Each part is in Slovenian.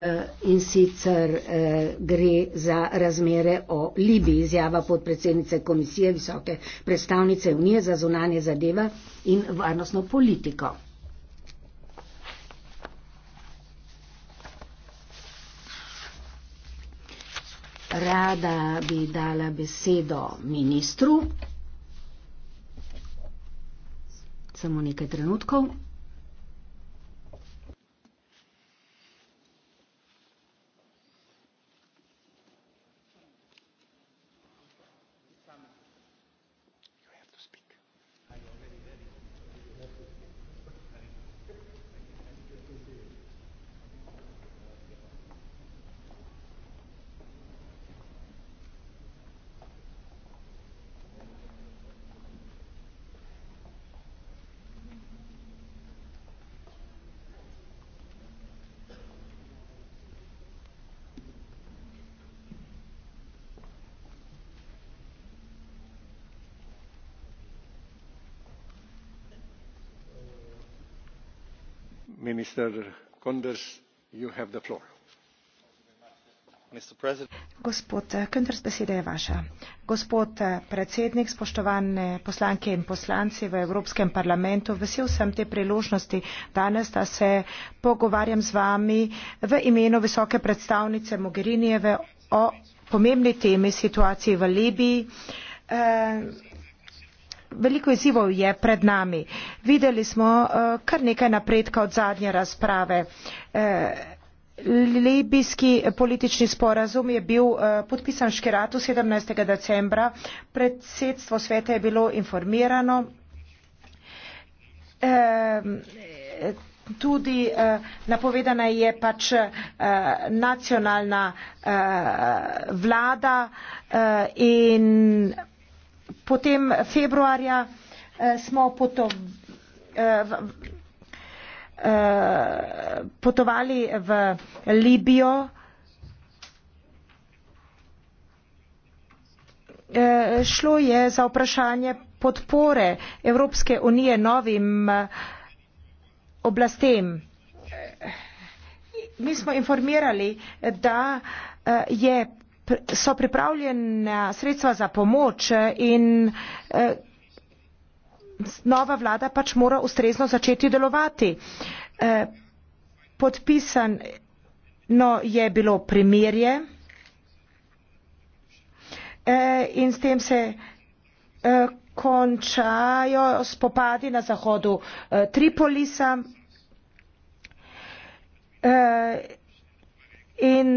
Eh, in sicer eh, gre za razmere o Libiji, izjava podpredsednice komisije visoke predstavnice Unije za zunanje zadeva in varnostno politiko. Rada bi dala besedo ministru. Samo nekaj trenutkov. gospod eh, eh, predsednik spoštovane poslanke in poslanci v evropskem parlamentu vesel sem te priložnosti danes da se pogovarjam z vami v imenu visoke predstavnice mogherinijeve o pomembni temi situaciji v libiji eh, veliko izzivov je pred nami. Videli smo eh, kar nekaj napredka od zadnje razprave. Eh, Libijski politični sporazum je bil eh, podpisan v Škeratu 17. decembra. Predsedstvo sveta je bilo informirano. Tudi napovedana je pač nacionalna vlada in Potem februarja eh, smo potom, eh, eh, potovali v Libijo. Eh, šlo je za vprašanje podpore Evropske unije novim eh, oblastem. Eh, mi smo informirali, da eh, je so pripravljena sredstva za pomoč in eh, nova vlada pač mora ustrezno začeti delovati. Eh, Podpisano no, je bilo primirje eh, in s tem se končajo spopadi na zahodu Tripolisa in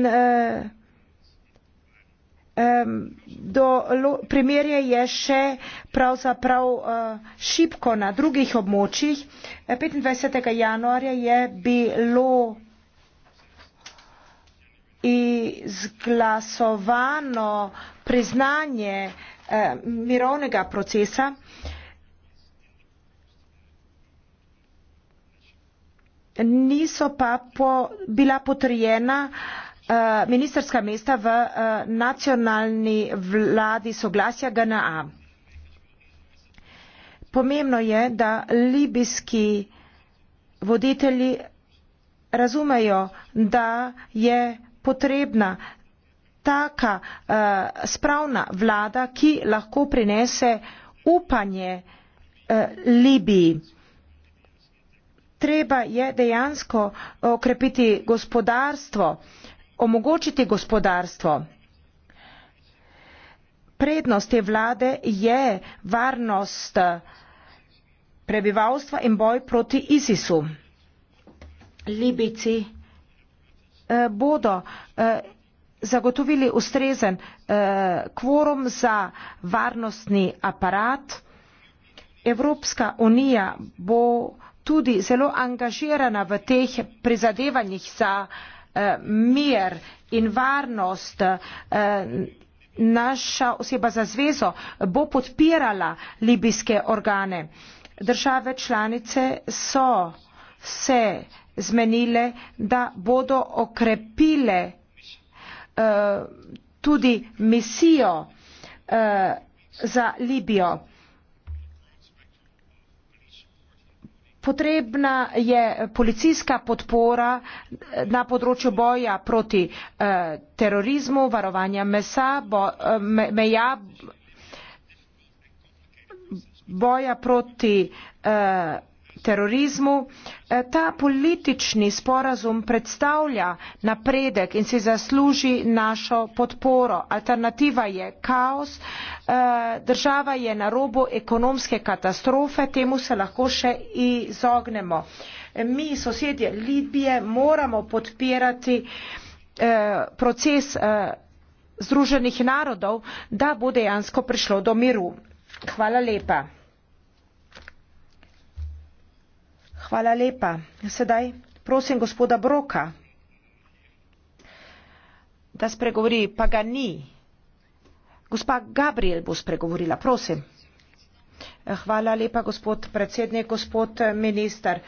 do primerje je še pravzaprav eh, šipko na drugih območjih. 25. Eh, januarja je bilo izglasovano priznanje eh, mirovnega procesa. Niso pa po, bila potrjena Eh, ministerska mesta v eh, nacionalni vladi soglasja GNA. Pomembno je, da libijski voditelji razumejo, da je potrebna taka uh, spravna vlada, ki lahko prinese upanje uh, Libiji. Treba je dejansko okrepiti gospodarstvo. Uh, omogočiti gospodarstvo. Prednost te vlade je varnost eh, prebivalstva in boj proti ISIS-u. Libici eh, bodo eh, zagotovili ustrezen eh, kvorum za varnostni aparat. Evropska unija bo tudi zelo angažirana v teh prizadevanjih za eh, Eh, mir in varnost eh, naša oseba za zvezo bo podpirala libijske organe. Države članice so se zmenile, da bodo okrepile eh, tudi misijo za Libijo. Potrebna je policijska podpora na področju boja proti eh, terorizmu, varovanja mesa, bo, eh, me, meja boja proti eh, terorizmu. Eh, ta politični sporazum predstavlja napredek in si zasluži našo podporo. Alternativa je kaos, eh, država je na robu ekonomske katastrofe, temu se lahko še izognemo. Eh, mi, sosedje Libije, moramo podpirati proces Združenih narodov, da bo dejansko prišlo do miru. Hvala lepa. Hvala lepa. Sedaj prosim gospoda Broka, da spregovori, pa ga ni. Gospa Gabriel bo spregovorila, prosim. Hvala lepa, gospod predsednik, gospod minister.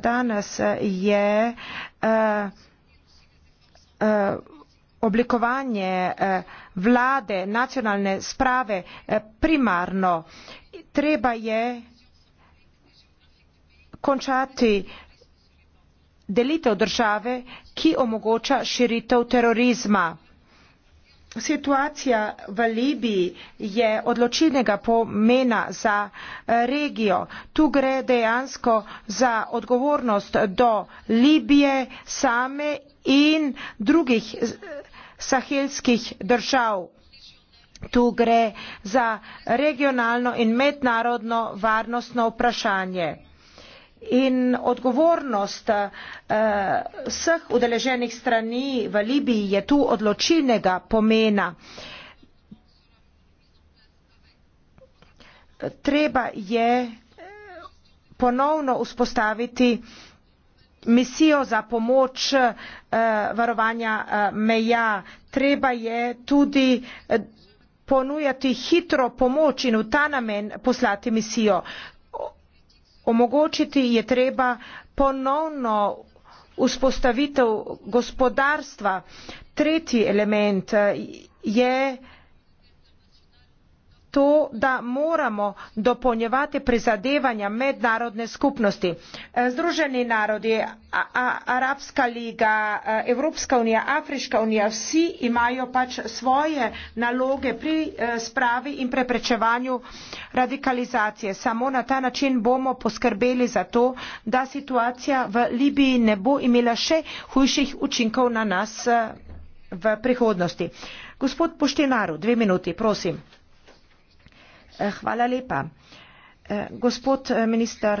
Danes je uh, uh, oblikovanje uh, vlade, nacionalne sprave uh, primarno. Treba je končati delitev države, ki omogoča širitev terorizma. Situacija v Libiji je odločilnega pomena za eh, regijo. Tu gre dejansko za odgovornost do Libije same in drugih eh, sahelskih držav. Tu gre za regionalno in mednarodno varnostno vprašanje in odgovornost eh, vseh udeleženih strani v Libiji je tu odločinega pomena. Treba je eh, ponovno vzpostaviti misijo za pomoč eh, varovanja meja. Treba je tudi ponujati hitro pomoč in v ta namen poslati misijo omogočiti je treba ponovno vzpostavitev gospodarstva tretji element je to, da moramo dopolnjevati prizadevanja mednarodne skupnosti. E, Združeni narodi, Arabska liga, e, Evropska unija, Afriška unija, vsi imajo pač svoje naloge pri e, spravi in preprečevanju radikalizacije. Samo na ta način bomo poskrbeli za to, da situacija v Libiji ne bo imela še hujših učinkov na nas v prihodnosti. Gospod Poštenaru, dve minuti, prosim. Eh, hvala lepa. Eh, gospod eh, minister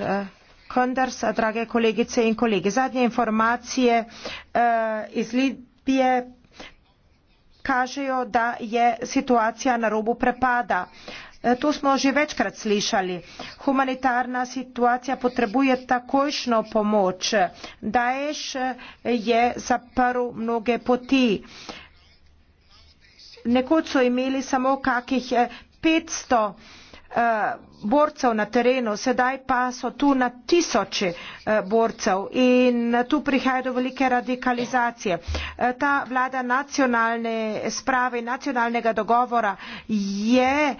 Kunders, drage kolegice in kolegi, zadnje informacije iz Libije kažejo, da je situacija na robu prepada. To smo že večkrat slišali. Humanitarna situacija potrebuje takojšno pomoč. Daješ je zaprl mnoge poti. Nekoč so imeli samo kakih 500 eh, borcev na terenu, sedaj pa so tu na tisoče eh, borcev in tu prihaja do velike radikalizacije. Eh, ta vlada nacionalne sprave in nacionalnega dogovora je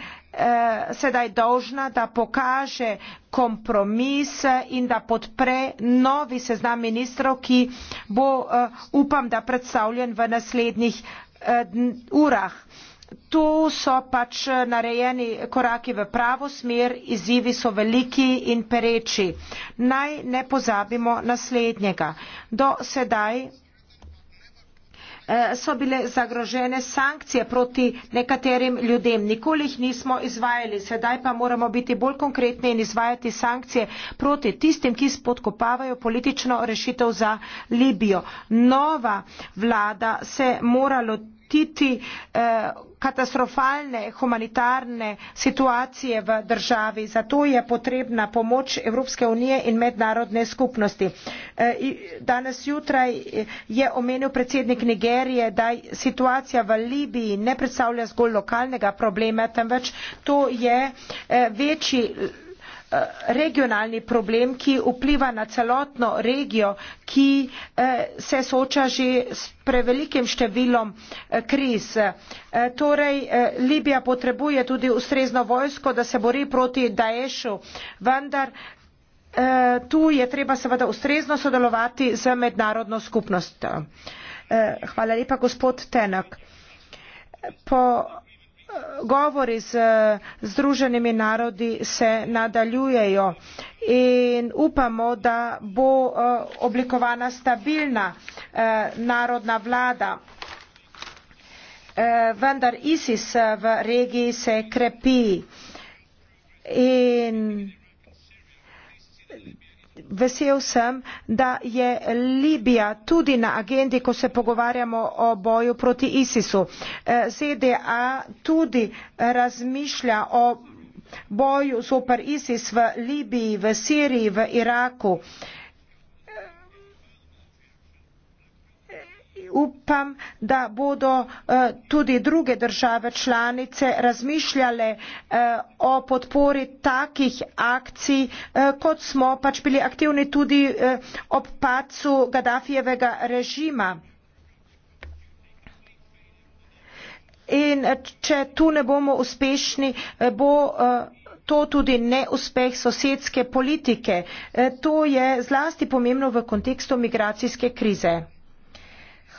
sedaj dolžna, da pokaže kompromis in da podpre novi seznam ministrov, ki bo, upam, da predstavljen v naslednjih urah tu so pač eh, narejeni koraki v pravo smer, izzivi so veliki in pereči. Naj ne pozabimo naslednjega. Do sedaj eh, so bile zagrožene sankcije proti nekaterim ljudem. Nikoli jih nismo izvajali. Sedaj pa moramo biti bolj konkretni in izvajati sankcije proti tistim, ki spodkopavajo politično rešitev za Libijo. Nova vlada se mora lotiti eh, katastrofalne humanitarne situacije v državi. Zato je potrebna pomoč Evropske unije in mednarodne skupnosti. E, danes jutraj je omenil predsednik Nigerije, da situacija v Libiji ne predstavlja zgolj lokalnega problema, temveč to je e, večji Eh, regionalni problem, ki vpliva na celotno regijo, ki eh, se sooča že s prevelikim številom eh, kriz. Torej, Libija potrebuje tudi ustrezno vojsko, da se bori proti Daešu, vendar tu je treba seveda ustrezno sodelovati z mednarodno skupnostjo. Hvala lepa, gospod Tenak. Po govori z Združenimi narodi se nadaljujejo in upamo, da bo e, oblikovana stabilna e, narodna vlada. E, vendar ISIS v regiji se krepi in vesel sem da je libija tudi na agendi ko se pogovarjamo o boju proti isisu eh, zda tudi razmišlja o boju zoper isis v libiji v siriji v iraku. upam, da bodo eh, tudi druge države članice razmišljale eh, o podpori takih akcij, eh, kot smo pač bili aktivni tudi ob pacu Gaddafijevega režima. In če tu ne bomo uspešni, bo to tudi neuspeh sosedske politike. To je zlasti pomembno v kontekstu migracijske krize.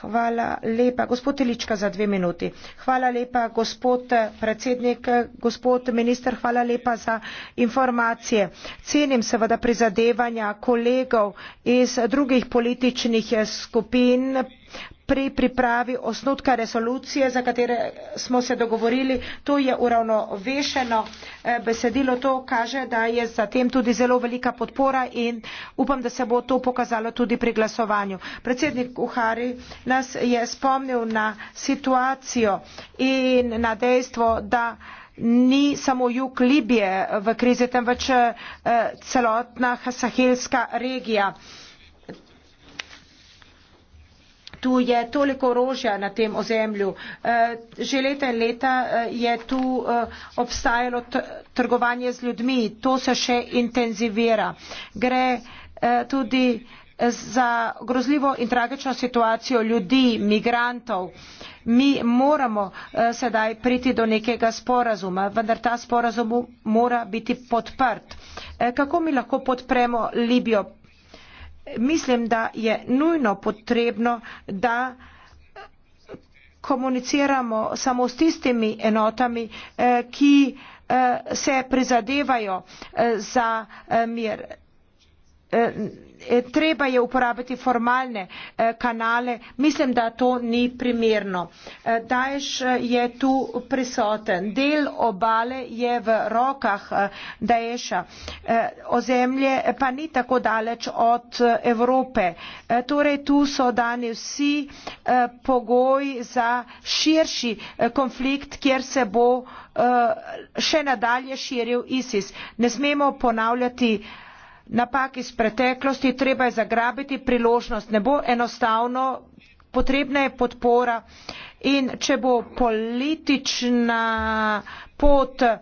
Hvala lepa. Gospod Ilička za dve minuti. Hvala lepa, gospod eh, predsednik, eh, gospod minister, hvala lepa za informacije. Cenim seveda prizadevanja kolegov iz drugih političnih eh, skupin pri pripravi osnutka resolucije za katere smo se dogovorili to je uravnovešeno eh, besedilo to kaže da je za tem tudi zelo velika podpora in upam da se bo to pokazalo tudi pri glasovanju predsednik uhari nas je spomnil na situacijo in na dejstvo da ni samo jug Libije v krizi, temveč eh, celotna sahelska regija tu je toliko orožja na tem ozemlju. Eh, že leta in leta eh, je tu eh, obstajalo trgovanje z ljudmi, to se še intenzivira. Gre tudi za grozljivo in tragično situacijo ljudi, migrantov. Mi moramo sedaj priti do nekega sporazuma, vendar ta sporazum mora biti podprt. Kako mi lahko podpremo Libijo? mislim, da je nujno potrebno, da komuniciramo samo s tistimi enotami, eh, ki eh, se prizadevajo eh, za mir. Eh, eh, treba je uporabiti formalne eh, kanale. Mislim, da to ni primerno. Daješ je tu prisoten. Del obale je v rokah Daješa. Ozemlje pa ni tako daleč od Evrope. Torej, tu so dani vsi pogoji za širši konflikt, kjer se bo še nadalje širil ISIS. Ne smemo ponavljati napak iz preteklosti treba je zagrabiti priložnost ne bo enostavno potrebna je podpora in če bo politična pot eh,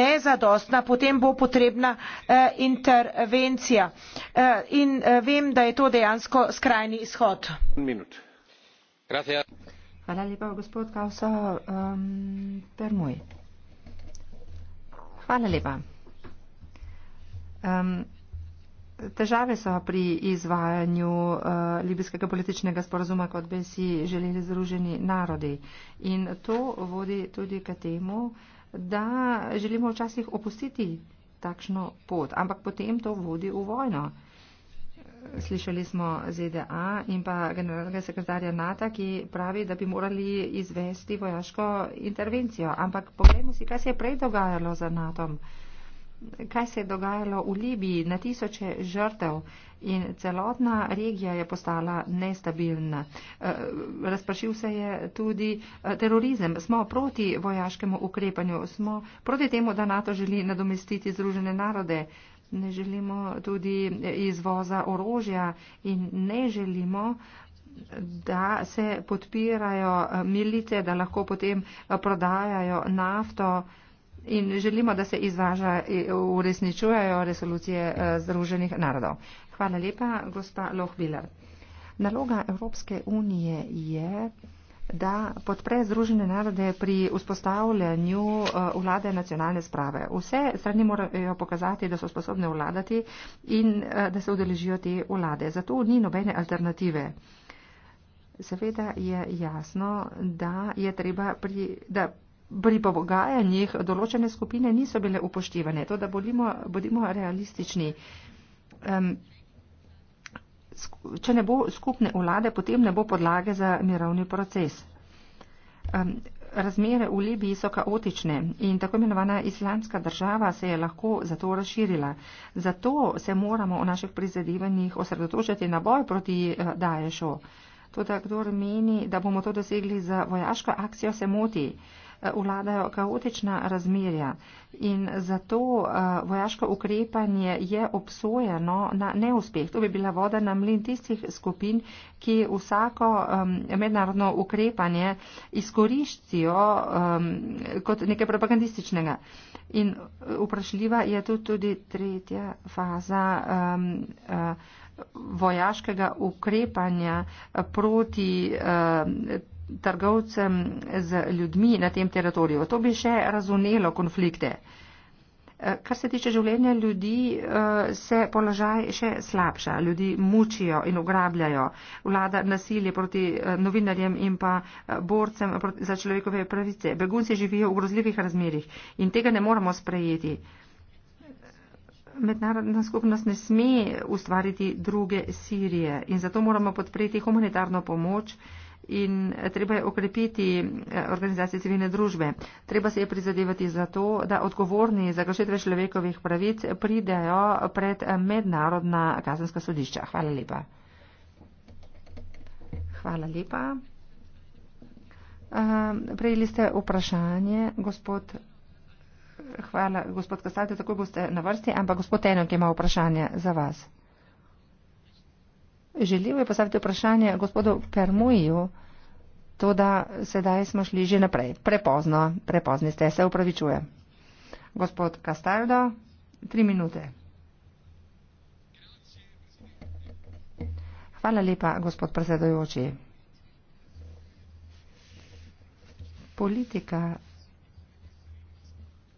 nezadostna, potem bo potrebna eh, intervencija. Eh, in eh, vem, da je to dejansko skrajni izhod. Hvala lepa, gospod Kausa. Um, ehm, Hvala lepa. Um, težave so pri izvajanju uh, libijskega političnega sporazuma, kot bi si želeli združeni narodi. In to vodi tudi k temu, da želimo včasih opustiti takšno pot, ampak potem to vodi v vojno. Slišali smo ZDA in pa generalnega sekretarja NATO, ki pravi, da bi morali izvesti vojaško intervencijo. Ampak poglejmo si, kaj se je prej dogajalo za NATO. -om kaj se je dogajalo v Libiji, na tisoče žrtev in celotna regija je postala nestabilna. Eh, razpršil se je tudi eh, terorizem. Smo proti vojaškemu ukrepanju, smo proti temu, da NATO želi nadomestiti Združene narode. Ne želimo tudi izvoza orožja in ne želimo da se podpirajo eh, milice, da lahko potem prodajajo nafto in želimo, da se izvaža, e, uresničujejo resolucije e, Združenih narodov. Hvala lepa, gospa Lohbiller. Naloga Evropske unije je, da podpre Združene narode pri vzpostavljanju e, vlade nacionalne sprave. Vse strani morajo pokazati, da so sposobne vladati in da se udeležijo te vlade. Zato ni nobene alternative. Seveda je jasno, da je treba pri, da pri pogajanjih določene skupine niso bile upoštevane. To, da bodimo, bodimo realistični. Um, če ne bo skupne vlade, potem ne bo podlage za mirovni proces. Um, razmere v Libiji so kaotične in tako imenovana islamska država se je lahko zato razširila. Zato se moramo v naših prizadevanjih osredotočiti na boj proti eh, Daješu. Tudi, kdo meni, da bomo to dosegli za vojaško akcijo, se moti. Uh, vladajo kaotična razmerja in zato eh, vojaško ukrepanje je obsojeno na neuspeh. To bi bila voda na mlin tistih skupin, ki vsako mednarodno ukrepanje izkoriščijo kot nekaj propagandističnega. In eh, vprašljiva je tudi, tudi tretja faza um, uh, vojaškega ukrepanja proti uh, trgovcem z ljudmi na tem teritoriju. To bi še razumelo konflikte. Eh, kar se tiče življenja ljudi, eh, se položaj še slabša. Ljudi mučijo in ugrabljajo. Vlada nasilje proti eh, novinarjem in pa borcem za človekove pravice. Begunci živijo v grozljivih razmerih in tega ne moramo sprejeti. Mednarodna skupnost ne sme ustvariti druge Sirije in zato moramo podpreti humanitarno pomoč in eh, treba je okrepiti eh, organizacije civilne družbe. Treba se je prizadevati za to, da odgovorni za kršitve človekovih pravic pridejo pred eh, mednarodna kazenska sodišča. Hvala lepa. Hvala lepa. Prejeli ste vprašanje, gospod. Hvala, gospod Kastate, tako boste na vrsti, ampak gospod Tenok ima vprašanje za vas. Želel je postaviti vprašanje gospodu Permuju, to da sedaj smo šli že naprej. Prepozno, prepozni ste, se upravičuje. Gospod Castaldo, tri minute. Hvala lepa, gospod predsedojoči. Politika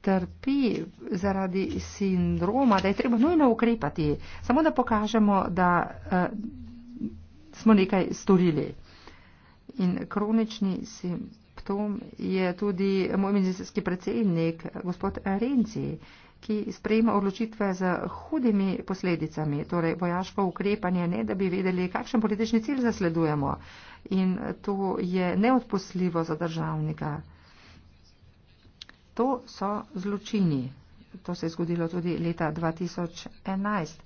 trpi zaradi sindroma, da je treba nujno ukrepati. Samo da pokažemo, da. Uh, smo nekaj storili. In kronični simptom je tudi moj medicinski predsednik, gospod Renzi, ki sprejema odločitve z hudimi posledicami, torej vojaško ukrepanje, ne da bi vedeli, kakšen politični cilj zasledujemo. In to je neodposljivo za državnika. To so zločini. To se je zgodilo tudi leta 2011.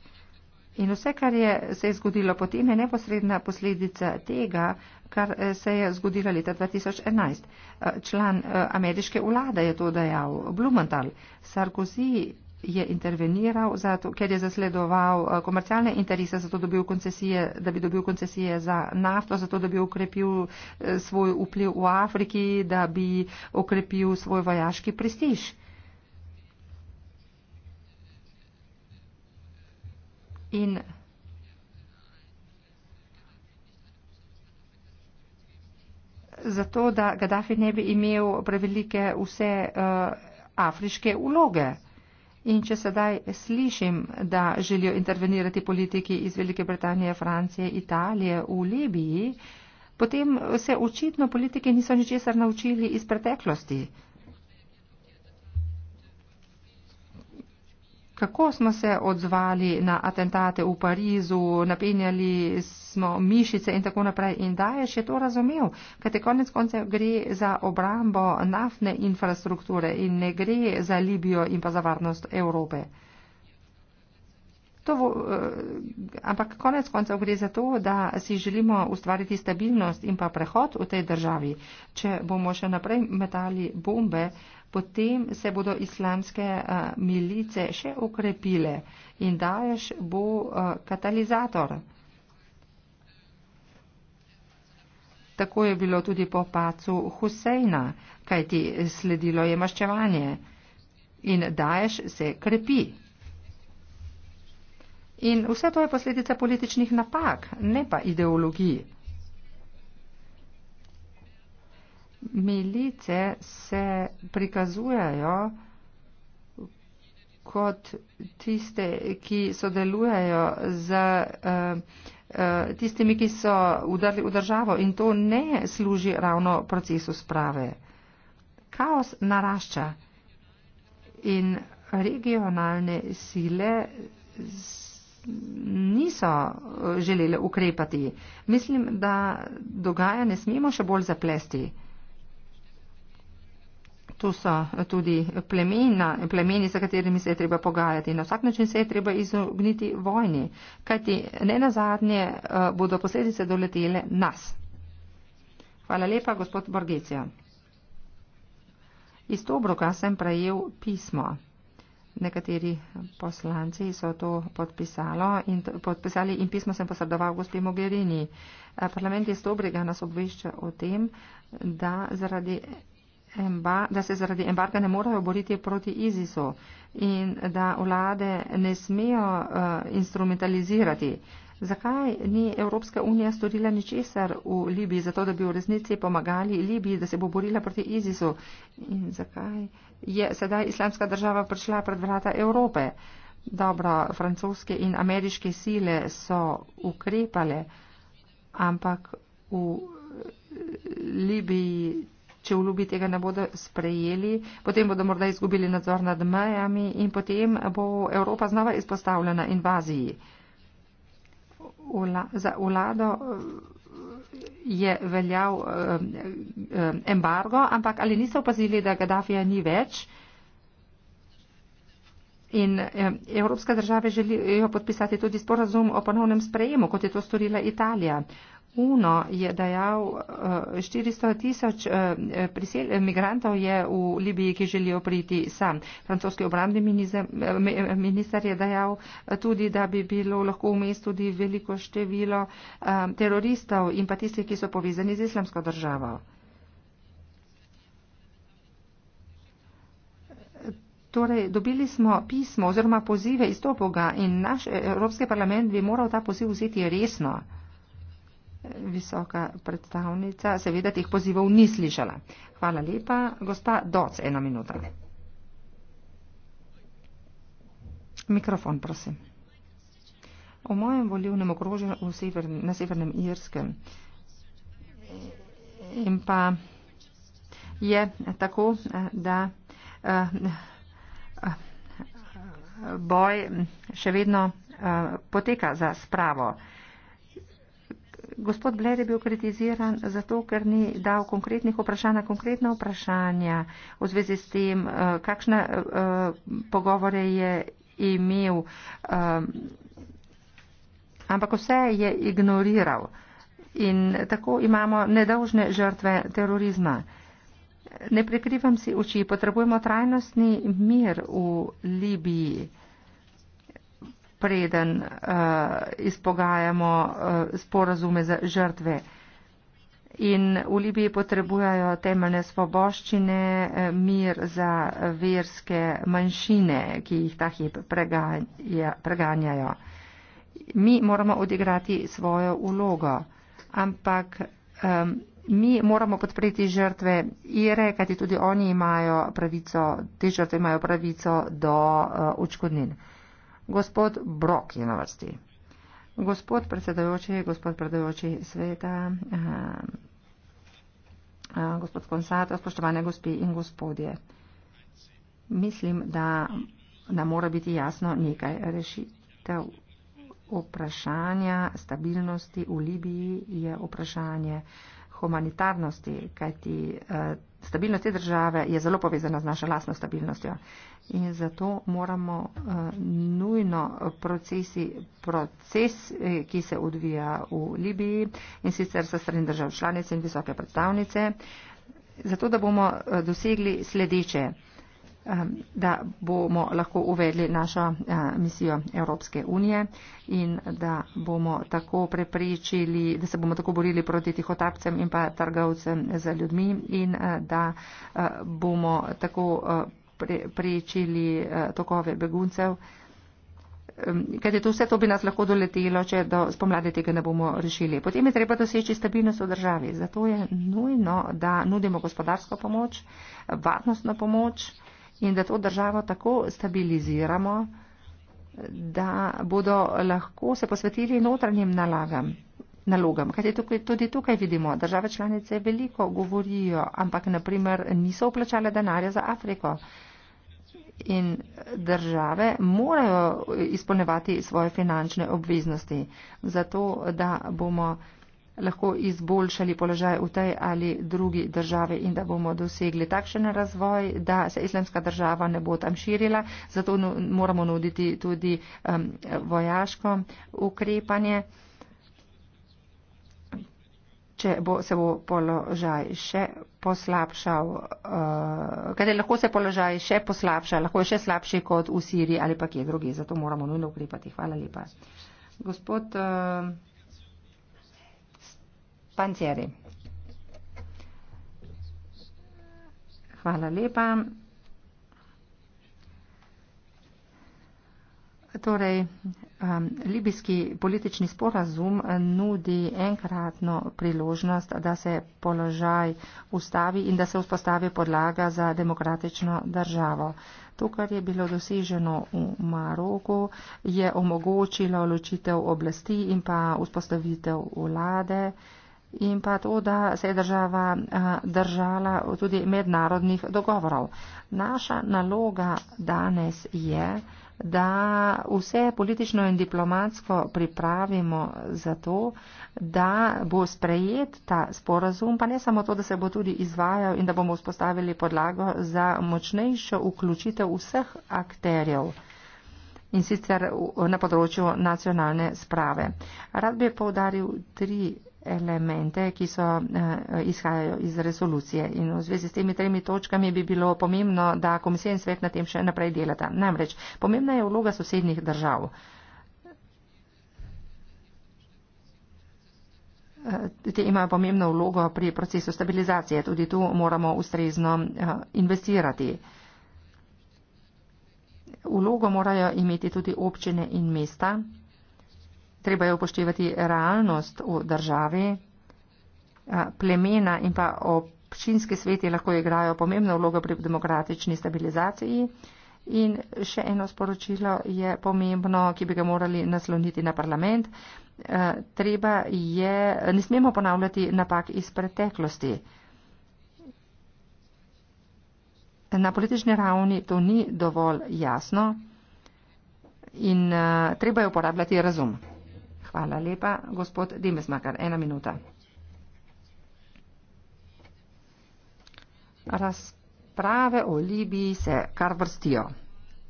In vse, kar je, se je zgodilo potem, je neposredna posledica tega, kar eh, se je zgodilo leta 2011. Eh, član eh, ameriške vlade je to dejal, Blumenthal. Sarkozy je interveniral, zato, ker je zasledoval komercialne interese, zato dobil koncesije, da bi dobil koncesije za nafto, zato da bi ukrepil svoj vpliv v Afriki, da bi ukrepil svoj vojaški prestiž. Uh, in zato, da Gaddafi ne bi imel prevelike vse uh, afriške uloge. In če sedaj slišim, da želijo intervenirati politiki iz Velike Britanije, Francije, Italije v Libiji, potem se očitno politike niso ničesar naučili iz preteklosti. kako smo se odzvali na atentate v Parizu, napenjali smo mišice in tako naprej. In da je še to razumel, kaj te konec konca gre za obrambo naftne infrastrukture in ne gre za Libijo in pa za varnost Evrope. To, eh, ampak konec koncev gre za to, da si želimo ustvariti stabilnost in pa prehod v tej državi. Če bomo še naprej metali bombe, potem se bodo islamske eh, milice še okrepile in Daješ bo eh, katalizator. Tako je bilo tudi po pacu Huseina, kajti sledilo je maščevanje in Daješ se krepi. In vse to je posledica političnih napak, ne pa ideologiji. milice se prikazujejo kot tiste, ki sodelujejo z uh, uh, tistimi, ki so udarli v državo in to ne služi ravno procesu sprave. Kaos narašča in regionalne sile niso eh, želele ukrepati. Mislim, da dogaja ne smemo še bolj zaplesti to so tudi plemena, plemeni, za katerimi se je treba pogajati. Na vsak način se je treba izogniti vojni, kajti ne nazadnje eh, bodo posledice doletele nas. Hvala lepa, gospod Borgecija. Iz Tobroka sem prejel pismo. Nekateri poslanci so to in, podpisali in pismo sem posredoval gospi Mogherini. Eh, parlament iz Tobrega nas obvešča o tem, da zaradi da se zaradi embarga ne morejo boriti proti IZIS-u in da vlade ne smejo uh, instrumentalizirati. Zakaj ni Evropska unija storila ničesar v Libiji, zato da bi v resnici pomagali Libiji, da se bo borila proti IZIS-u? In zakaj je sedaj islamska država prišla pred vrata Evrope? Dobro, francoske in ameriške sile so ukrepale, ampak v eh, Libiji če v ljubi tega ne bodo sprejeli, potem bodo morda izgubili nadzor nad mejami in potem bo Evropa znova izpostavljena invaziji. Ula, za vlado eh, je veljal eh, eh, embargo, ampak ali niste opazili, da Gaddafija ni več? In evropske države želijo podpisati tudi sporazum o ponovnem sprejemu, kot je to storila Italija. Uno je dejal, 400 eh, tisoč eh, prisel, migrantov je v Libiji, ki želijo priti sam. Francoski obrambni minister je dejal eh, tudi, da bi bilo lahko v mestu tudi veliko število teroristov in pa tistih, ki so povezani z islamsko državo. Torej, dobili smo pismo oziroma pozive iz Topoga in naš Evropski parlament bi moral ta poziv vzeti resno visoka predstavnica, seveda teh pozivov ni slišala. Hvala lepa. Gospa Doc, ena minuta. Mikrofon, prosim. O mojem volivnem okrožju na Severnem Irskem eh, in pa je tako, eh, da eh, boj še vedno poteka za spravo gospod Bler je bil kritiziran zato, ker ni dal konkretnih vprašanj na konkretna vprašanja v zvezi s tem, eh, kakšne eh, pogovore je imel, eh, ampak vse je ignoriral. In tako imamo nedolžne žrtve terorizma. Ne prikrivam si oči, potrebujemo trajnostni mir v Libiji preden uh, izpogajamo uh, sporazume za žrtve. In v Libiji potrebujajo temeljne svoboščine, eh, mir za verske manjšine, ki jih ta hip preganjajo. Mi moramo odigrati svojo ulogo, ampak um, mi moramo podpreti žrtve Ire, kajti tudi oni imajo pravico, te žrtve imajo pravico do uh, očkodnin. Gospod Brok je na vrsti. Gospod predsedajoči, gospod predsedajoči sveta, uh, uh, gospod Konsato, spoštovane gospi in gospodje. Mislim, da nam mora biti jasno nekaj rešitev. Vprašanja stabilnosti v Libiji je vprašanje humanitarnosti, kajti uh, Stabilnost te države je zelo povezana z našo lastno stabilnostjo in zato moramo eh, nujno procesi, proces, eh, ki se odvija v Libiji in sicer sa strani držav članice in visoke predstavnice, zato da bomo eh, dosegli sledeče. Ehm, da bomo lahko uvedli našo eh, misijo Evropske unije in da, bomo tako preprečili, da se bomo tako borili proti tihotapcem in pa trgovcem za ljudmi in eh, da eh, bomo tako preprečili tokove beguncev. Ehm, Ker je to vse, to bi nas lahko doletelo, če do spomladi tega ne bomo rešili. Potem je treba doseči stabilnost v državi. Zato je nujno, da nudimo gospodarsko pomoč, varnostno pomoč in da to državo tako stabiliziramo, da bodo lahko se posvetili notranjim nalagam. Nalogam. Kaj tukaj, tudi tukaj vidimo, države članice veliko govorijo, ampak naprimer niso uplačale denarja za Afriko. In države morajo izpolnevati svoje finančne obveznosti, zato da bomo lahko izboljšali položaj v tej ali drugi državi in da bomo dosegli takšen razvoj, da se islamska država ne bo tam širila. Zato moramo nuditi tudi um, vojaško ukrepanje. Če bo, se bo položaj še poslabšal, uh, eh, kajde lahko se položaj še poslabša, lahko je še slabši kot v Siriji ali pa kje drugi, zato moramo nujno ukrepati. Hvala lepa. Gospod, uh, pancieri. Hvala lepa. Torej, um, libijski politični sporazum nudi enkratno priložnost, da se položaj ustavi in da se vzpostavi podlaga za demokratično državo. To, kar je bilo doseženo v Maroku, je omogočilo ločitev oblasti in pa vzpostavitev vlade. Uh, in pa to, da se je država eh, držala tudi mednarodnih dogovorov. Naša naloga danes je, da vse politično in diplomatsko pripravimo za to, da bo sprejet ta sporazum, pa ne samo to, da se bo tudi izvajal in da bomo vzpostavili podlago za močnejšo vključitev vseh akterjev in sicer na področju nacionalne sprave. Rad bi poudaril tri elemente, ki so uh, izhajajo iz rezolucije. In v zvezi s temi tremi točkami bi bilo pomembno, da komisija in svet na tem še naprej delata. Namreč, pomembna je vloga sosednjih držav. Eh, te imajo pomembno vlogo pri procesu stabilizacije. Tudi tu moramo ustrezno eh, investirati. Vlogo morajo imeti tudi občine in mesta. Treba je upoštevati realnost v državi, plemena in pa občinski sveti lahko igrajo pomembno vlogo pri demokratični stabilizaciji. In še eno sporočilo je pomembno, ki bi ga morali nasloniti na parlament. Treba je, ne smemo ponavljati napak iz preteklosti. Na politični ravni to ni dovolj jasno in uh, treba je uporabljati razum. Hvala lepa. Gospod Dimesmakar, ena minuta. Razprave o Libiji se kar vrstijo.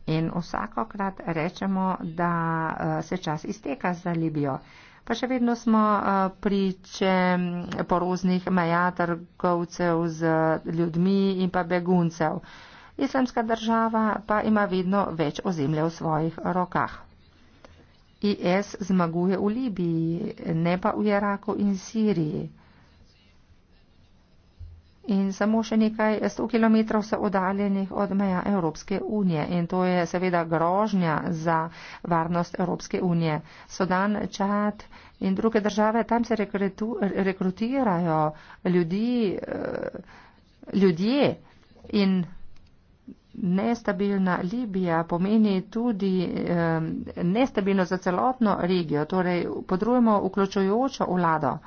In vsakokrat rečemo, da eh, se čas izteka za Libijo. Pa še vedno smo eh, priče mm, poroznih meja trgovcev z eh, ljudmi in pa beguncev. Islamska država pa ima vedno več ozemlja v svojih rokah. IS zmaguje v Libiji, ne pa v Iraku in Siriji. In samo še nekaj 100 km so oddaljenih od meja Evropske unije. In to je seveda grožnja za varnost Evropske unije. Sodan, Čad in druge države, tam se rekrutirajo ljudi, eh, ljudje in nestabilna Libija pomeni tudi um, nestabilno za celotno regijo, torej podrujemo vključujočo vlado.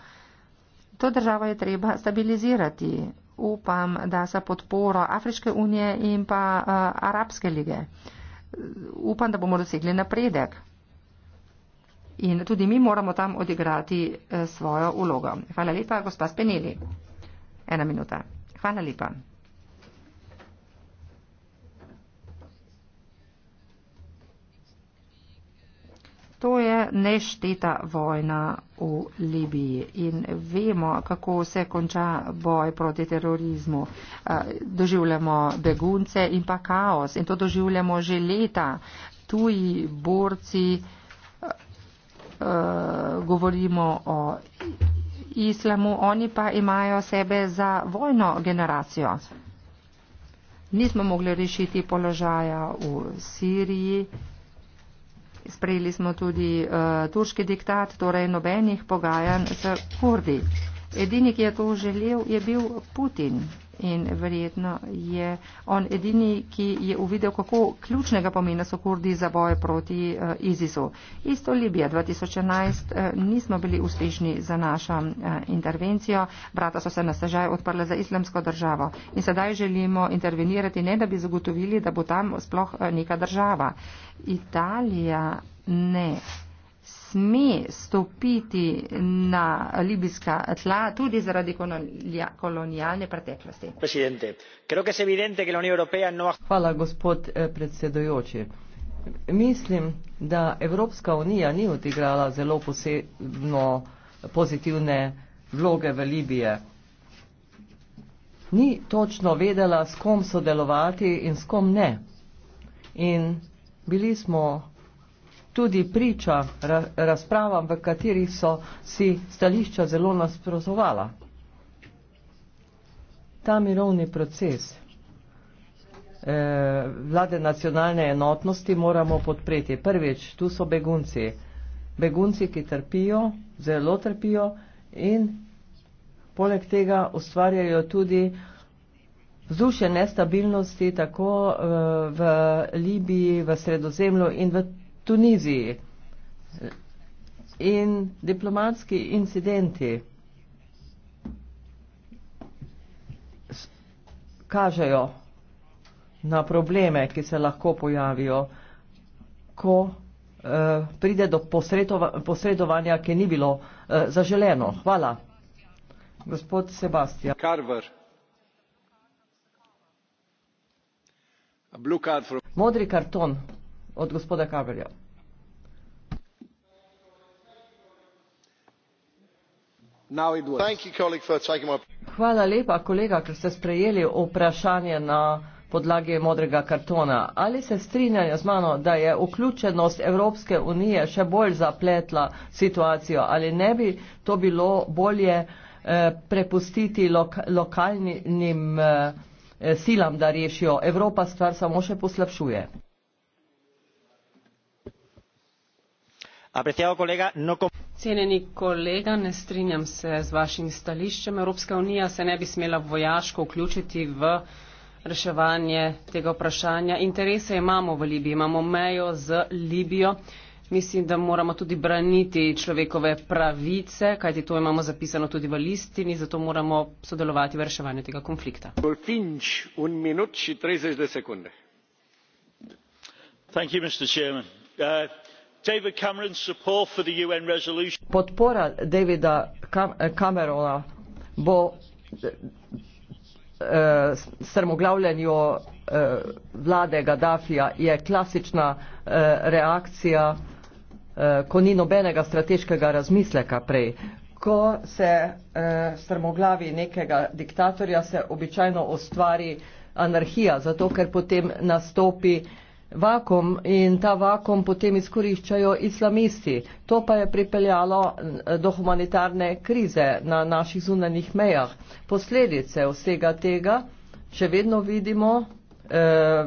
To državo je treba stabilizirati. Upam, da sa podporo Afriške unije in pa uh, Arabske lige. Upam, da bomo dosegli napredek. In tudi mi moramo tam odigrati e, svojo ulogo. Hvala lepa, gospa Speneli. Ena minuta. Hvala lepa. to je nešteta vojna v Libiji in vemo, kako se konča boj proti terorizmu. Doživljamo begunce in pa kaos in to doživljamo že leta. Tuji borci, govorimo o islamu, oni pa imajo sebe za vojno generacijo. Nismo mogli rešiti položaja v Siriji. Sprejeli smo tudi uh, turški diktat, torej nobenih pogajanj s Kurdi. Edini, ki je to želel, je bil Putin in verjetno je on edini, ki je uvidel, kako ključnega pomena so kurdi za boje proti uh, eh, ISIS-u. Isto Libija 2011 uh, eh, nismo bili uspešni za našo uh, intervencijo. Brata so se na stežaj odprla za islamsko državo in sedaj želimo intervenirati, ne da bi zagotovili, da bo tam sploh uh, neka država. Italija ne sme stopiti na libijska tla tudi zaradi kolonialne preteklosti. No Hvala, gospod eh, predsedujoči. Mislim, da Evropska unija ni odigrala zelo posebno pozitivne vloge v Libiji. Ni točno vedela, s kom sodelovati in s kom ne. In bili smo tudi priča ra razpravam, v katerih so si stališča zelo nasprotovala. Ta mirovni proces eh, vlade nacionalne enotnosti moramo podpreti. Prvič, tu so begunci. Begunci, ki trpijo, zelo trpijo in poleg tega ustvarjajo tudi vzdušje nestabilnosti tako eh, v Libiji, v Sredozemlju in v Tuniziji in diplomatski incidenti kažejo na probleme, ki se lahko pojavijo, ko eh, pride do posredova, posredovanja, ki ni bilo eh, zaželeno. Hvala. Gospod Sebastian. Carver. Blue card for... Modri karton od gospoda Kabelja. Hvala lepa, kolega, ker ste sprejeli vprašanje na podlagi modrega kartona. Ali se strinjajo z mano, da je vključenost Evropske unije še bolj zapletla situacijo? Ali ne bi to bilo bolje eh, prepustiti lok lokalnim eh, silam, da rešijo? Evropa stvar samo še poslabšuje. apreciado colega no Cijenjeni kolega, ne strinjam se z vašim stališčem. Evropska unija se ne bi smela vojaško vključiti v reševanje tega vprašanja. Interese imamo v Libiji, imamo mejo z Libijo. Mislim, da moramo tudi braniti človekove pravice, kajti to imamo zapisano tudi v listini, zato moramo sodelovati v reševanju tega konflikta. Thank you, podpora davida eh, camerona bo eh, eh, strmoglavljanju vlade gaddafija je klasična reakcija ko ni nobenega strateškega razmisleka prej ko se strmoglavi nekega diktatorja se običajno ustvari anarhija zato ker potem nastopi vakum in ta vakum potem izkoriščajo islamisti. To pa je pripeljalo eh, do humanitarne krize na naših zunanjih mejah. Posledice vsega tega še vedno vidimo eh,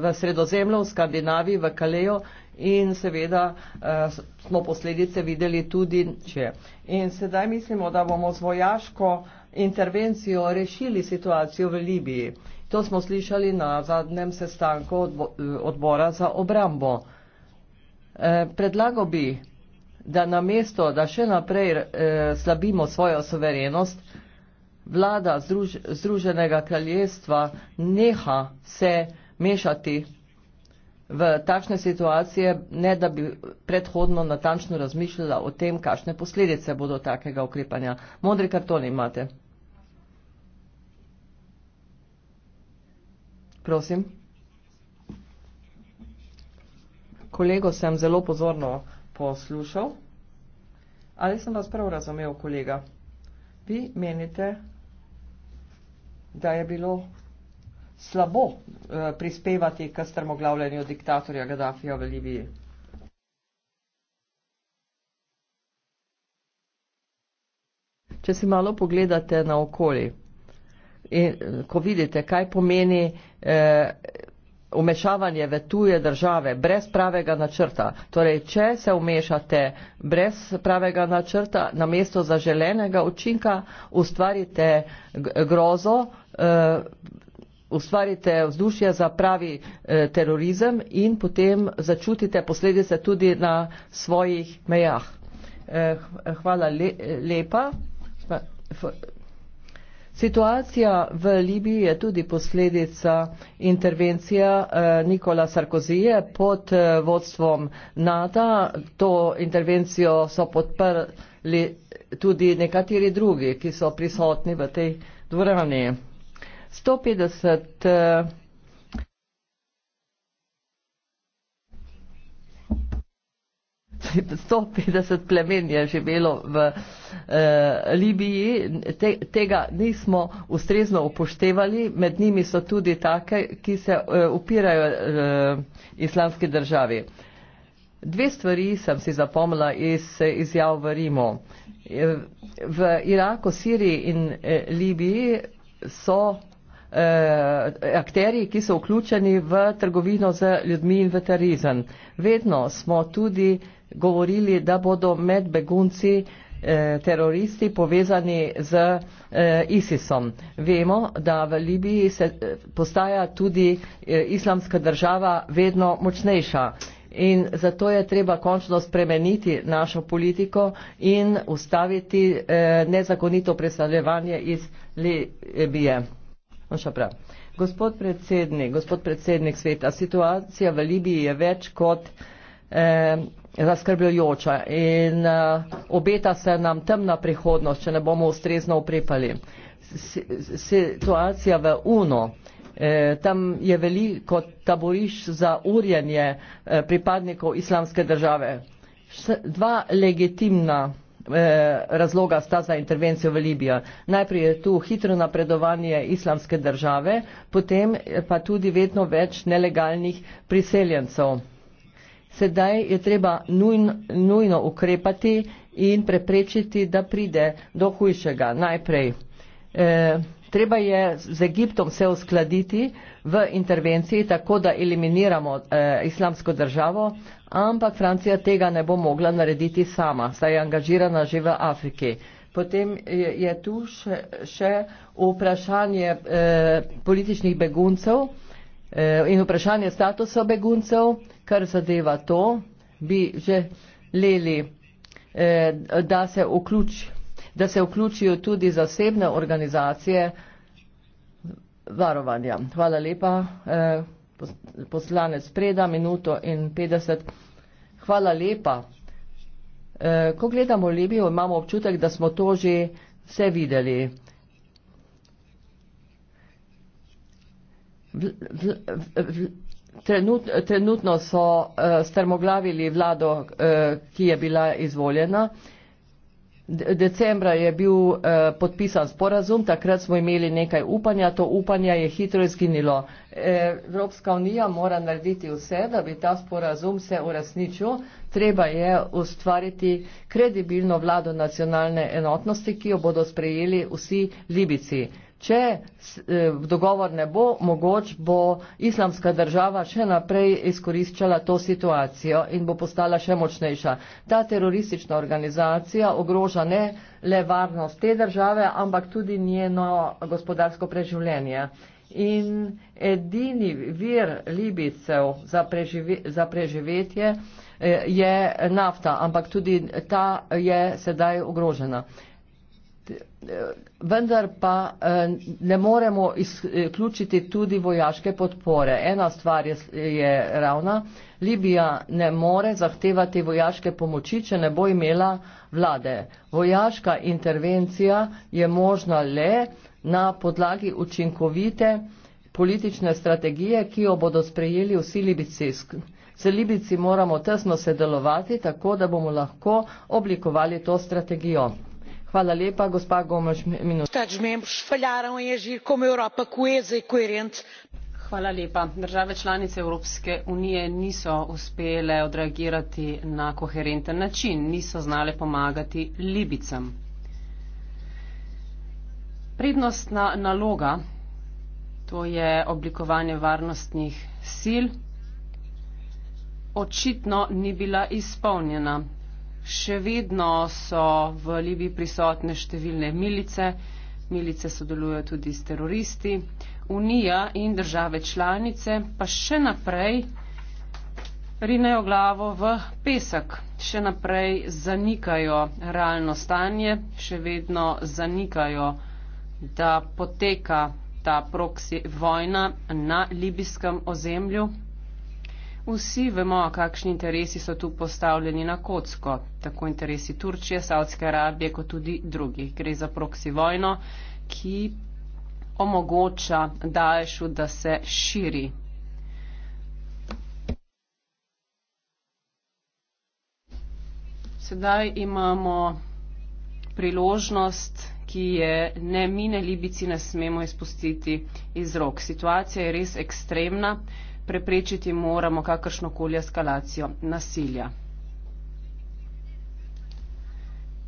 v sredozemlju, v Skandinaviji, v Kalejo in seveda eh, smo posledice videli tudi če. In sedaj mislimo, da bomo z vojaško intervencijo rešili situacijo v Libiji. To smo slišali na zadnjem sestanku odbora za obrambo. E, Predlago bi, da na mesto, da še naprej e, slabimo svojo soverenost, vlada Združ Združenega kraljestva neha se mešati v takšne situacije, ne da bi predhodno natančno razmišljala o tem, kakšne posledice bodo takega ukrepanja. Modri karton imate. Prosim. Kolego sem zelo pozorno poslušal. Ali sem vas prav razumel, kolega? Vi menite, da je bilo slabo eh, prispevati k strmoglavljanju diktatorja Gaddafija v Libiji. Če si malo pogledate na okolje, In ko vidite, kaj pomeni eh, umešavanje v tuje države brez pravega načrta, torej če se umešate brez pravega načrta, na mesto zaželenega učinka ustvarite grozo, eh, ustvarite vzdušje za pravi eh, terorizem in potem začutite posledice tudi na svojih mejah. Eh, hvala le, lepa. Situacija v Libiji je tudi posledica intervencija eh, Nikola Sarkozije pod eh, vodstvom NATO. To intervencijo so podprli tudi nekateri drugi, ki so prisotni v tej dvorani. 150 150 plemen je živelo v eh, Libiji, Te, tega nismo ustrezno upoštevali, med njimi so tudi take, ki se eh, upirajo eh, islamski državi. Dve stvari sem si zapomnila iz eh, izjav v Rimu. Eh, v Iraku, Siriji in eh, Libiji so eh, akteri, ki so vključeni v trgovino z ljudmi in v terorizem. Vedno smo tudi govorili, da bodo med begunci eh, teroristi povezani z eh, ISISom. Vemo, da v Libiji se eh, postaja tudi islamska država vedno močnejša in zato je treba končno spremeniti našo politiko in ustaviti nezakonito presadljevanje iz Libije. No, gospod predsednik, gospod predsednik sveta, situacija v Libiji je več kot Eh, zaskrbljujoča in eh, obeta se nam temna prihodnost, če ne bomo ustrezno uprepali. Situacija v UNO, eh, tam je veliko taborišč za urjenje pripadnikov islamske države. Dva legitimna razloga sta za intervencijo v Libijo. Najprej je tu hitro napredovanje islamske države, potem pa tudi vedno več nelegalnih priseljencev sedaj je treba nujno, nujno ukrepati in preprečiti, da pride do hujšega najprej. E, treba je z Egiptom se uskladiti v intervenciji, tako da eliminiramo e, islamsko državo, ampak Francija tega ne bo mogla narediti sama, saj je angažirana že v Afriki. Potem je, je tu še, še vprašanje e, političnih beguncev e, in vprašanje statusa beguncev kar zadeva to, bi želeli, eh, da, se vključ, da se vključijo tudi zasebne organizacije varovanja. Hvala lepa, eh, poslanec Preda, minuto in 50. Hvala lepa. Eh, ko gledamo Libijo, imamo občutek, da smo to že vse videli. V, v, v, v, Trenut, trenutno so uh, strmoglavili vlado, uh, ki je bila izvoljena. De decembra je bil uh, podpisan sporazum, takrat smo imeli nekaj upanja, to upanje je hitro izginilo. Evropska unija mora narediti vse, da bi ta sporazum se uresničil. Treba je ustvariti kredibilno vlado nacionalne enotnosti, ki jo bodo sprejeli vsi Libici če eh, dogovor ne bo mogoč, bo islamska država še naprej izkoriščala to situacijo in bo postala še močnejša. Ta teroristična organizacija ogroža ne le varnost te države, ampak tudi njeno gospodarsko preživljenje. In edini vir Libicev za, preživi, za preživetje eh, je nafta, ampak tudi ta je sedaj ogrožena. Vendar pa eh, ne moremo izključiti tudi vojaške podpore. Ena stvar je, je ravna. Libija ne more zahtevati vojaške pomoči, če ne bo imela vlade. Vojaška intervencija je možna le na podlagi učinkovite politične strategije, ki jo bodo sprejeli vsi libici. Z libici moramo tesno sodelovati, tako da bomo lahko oblikovali to strategijo. Hvala lepa, gospa Gomes. Minuta. Estados membros falharam em agir como Europa coesa e coerente. Hvala lepa. Države članice Evropske unije niso uspele odreagirati na koherenten način, niso znale pomagati Libicam. Prednostna naloga, to je oblikovanje varnostnih sil, očitno ni bila izpolnjena še vedno so v Libiji prisotne številne milice, milice sodelujo tudi s teroristi, Unija in države članice pa še naprej rinejo glavo v pesek, še naprej zanikajo realno stanje, še vedno zanikajo, da poteka ta proksi vojna na libijskem ozemlju. Vsi vemo, kakšni interesi so tu postavljeni na kocko, tako interesi Turčije, Saudske Arabije, kot tudi drugih. Gre za proksi vojno, ki omogoča Daješu, da se širi. Sedaj imamo priložnost, ki je ne mi, ne Libici, ne smemo izpustiti iz rok. Situacija je res ekstremna preprečiti moramo kakršnokoli eskalacijo nasilja.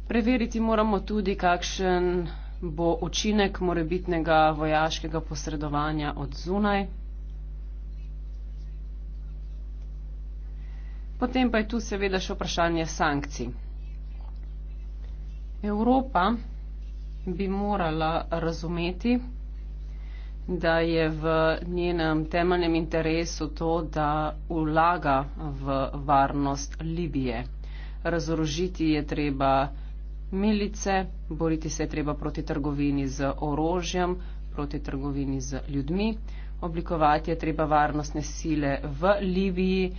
Preveriti moramo tudi, kakšen bo učinek morebitnega vojaškega posredovanja od zunaj. Potem pa je tu seveda še vprašanje sankcij. Evropa bi morala razumeti, da je v njenem temeljnem interesu to, da vlaga v varnost Libije. Razorožiti je treba milice, boriti se je treba proti trgovini z orožjem, proti trgovini z ljudmi, oblikovati je treba varnostne sile v Libiji,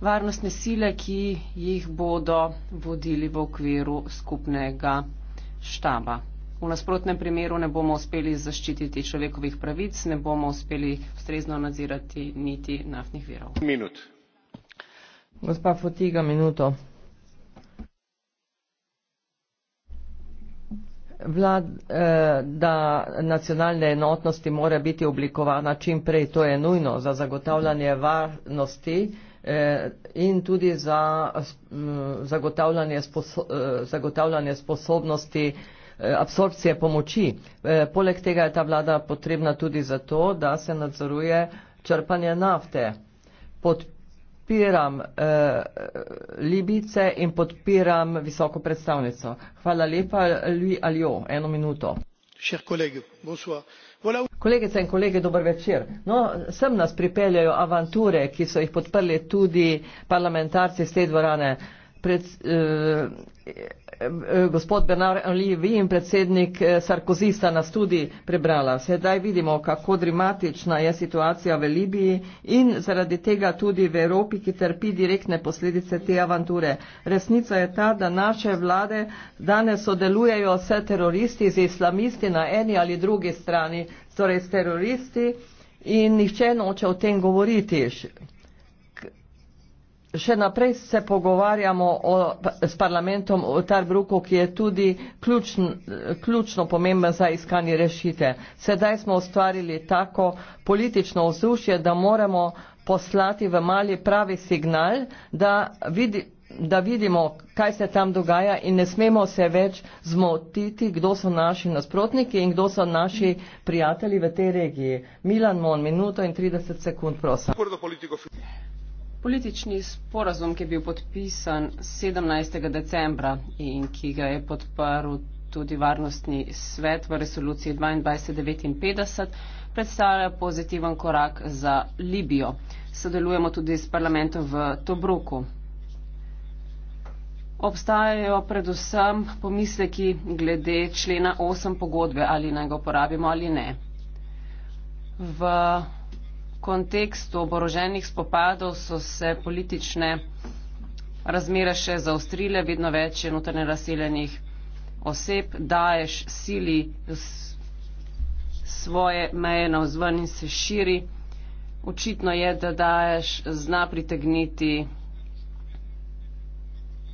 varnostne sile, ki jih bodo vodili v okviru skupnega štaba. V nasprotnem primeru ne bomo uspeli zaščititi človekovih pravic, ne bomo uspeli ustrezno nadzirati niti naftnih virov. Minut. Gospa Fotiga, minuto. Vlad, eh, da nacionalne enotnosti mora biti oblikovana čim prej, to je nujno za zagotavljanje varnosti eh, in tudi za eh, zagotavljanje, sposo zagotavljanje sposobnosti Eh, absorpcije pomoči. Eh, poleg tega je ta vlada potrebna tudi zato, da se nadzoruje črpanje nafte. Podpiram eh, Libice in podpiram visoko predstavnico. Hvala lepa, Lui Aljo, eno minuto. Kolegice in kolege, dober večer. No, sem nas pripeljajo avanture, ki so jih podprli tudi parlamentarci iz te dvorane. Pred, eh, Eh, gospod Bernard Henri, vi in predsednik eh, Sarkozy sta nas tudi prebrala. Sedaj vidimo, kako dramatična je situacija v Libiji in zaradi tega tudi v Evropi, ki trpi direktne posledice te avanture. Resnica je ta, da naše vlade danes sodelujejo s teroristi, z islamisti na eni ali drugi strani, torej s teroristi in nihče noče o tem govoriti še naprej se pogovarjamo o, s parlamentom o Tarbruku, ki je tudi ključn, ključno pomemben za iskanje rešitve. Sedaj smo ustvarili tako politično vzdušje, da moramo poslati v mali pravi signal, da, vidi, da vidimo, kaj se tam dogaja in ne smemo se več zmotiti, kdo so naši nasprotniki in kdo so naši prijatelji v tej regiji. Milan Mon, minuto in 30 sekund, prosim. Politični sporazum, ki je bil podpisan 17. decembra in ki ga je podprl tudi Varnostni svet v resoluciji 2259, predstavlja pozitiven korak za Libijo. Sodelujemo tudi s parlamentom v Tobruku. Obstajajo predvsem pomisleki glede člena 8 pogodbe, ali naj ga uporabimo ali ne. V kontekstu oboroženih spopadov so se politične razmere še zaustrile, vedno več je notrne razseljenih oseb, daješ sili svoje meje na vzven in se širi. Očitno je, da daješ zna pritegniti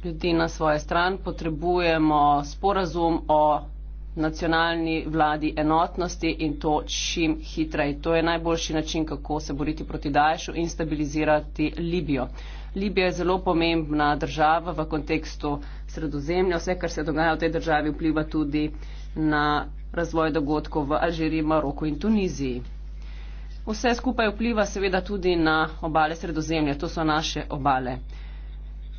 ljudi na svoje stran. Potrebujemo sporazum o nacionalni vladi enotnosti in to čim hitreje. To je najboljši način, kako se boriti proti Daješu in stabilizirati Libijo. Libija je zelo pomembna država v kontekstu sredozemlja. Vse, kar se dogaja v tej državi, vpliva tudi na razvoj dogodkov v Alžiriji, Maroku in Tuniziji. Vse skupaj vpliva seveda tudi na obale sredozemlja. To so naše obale.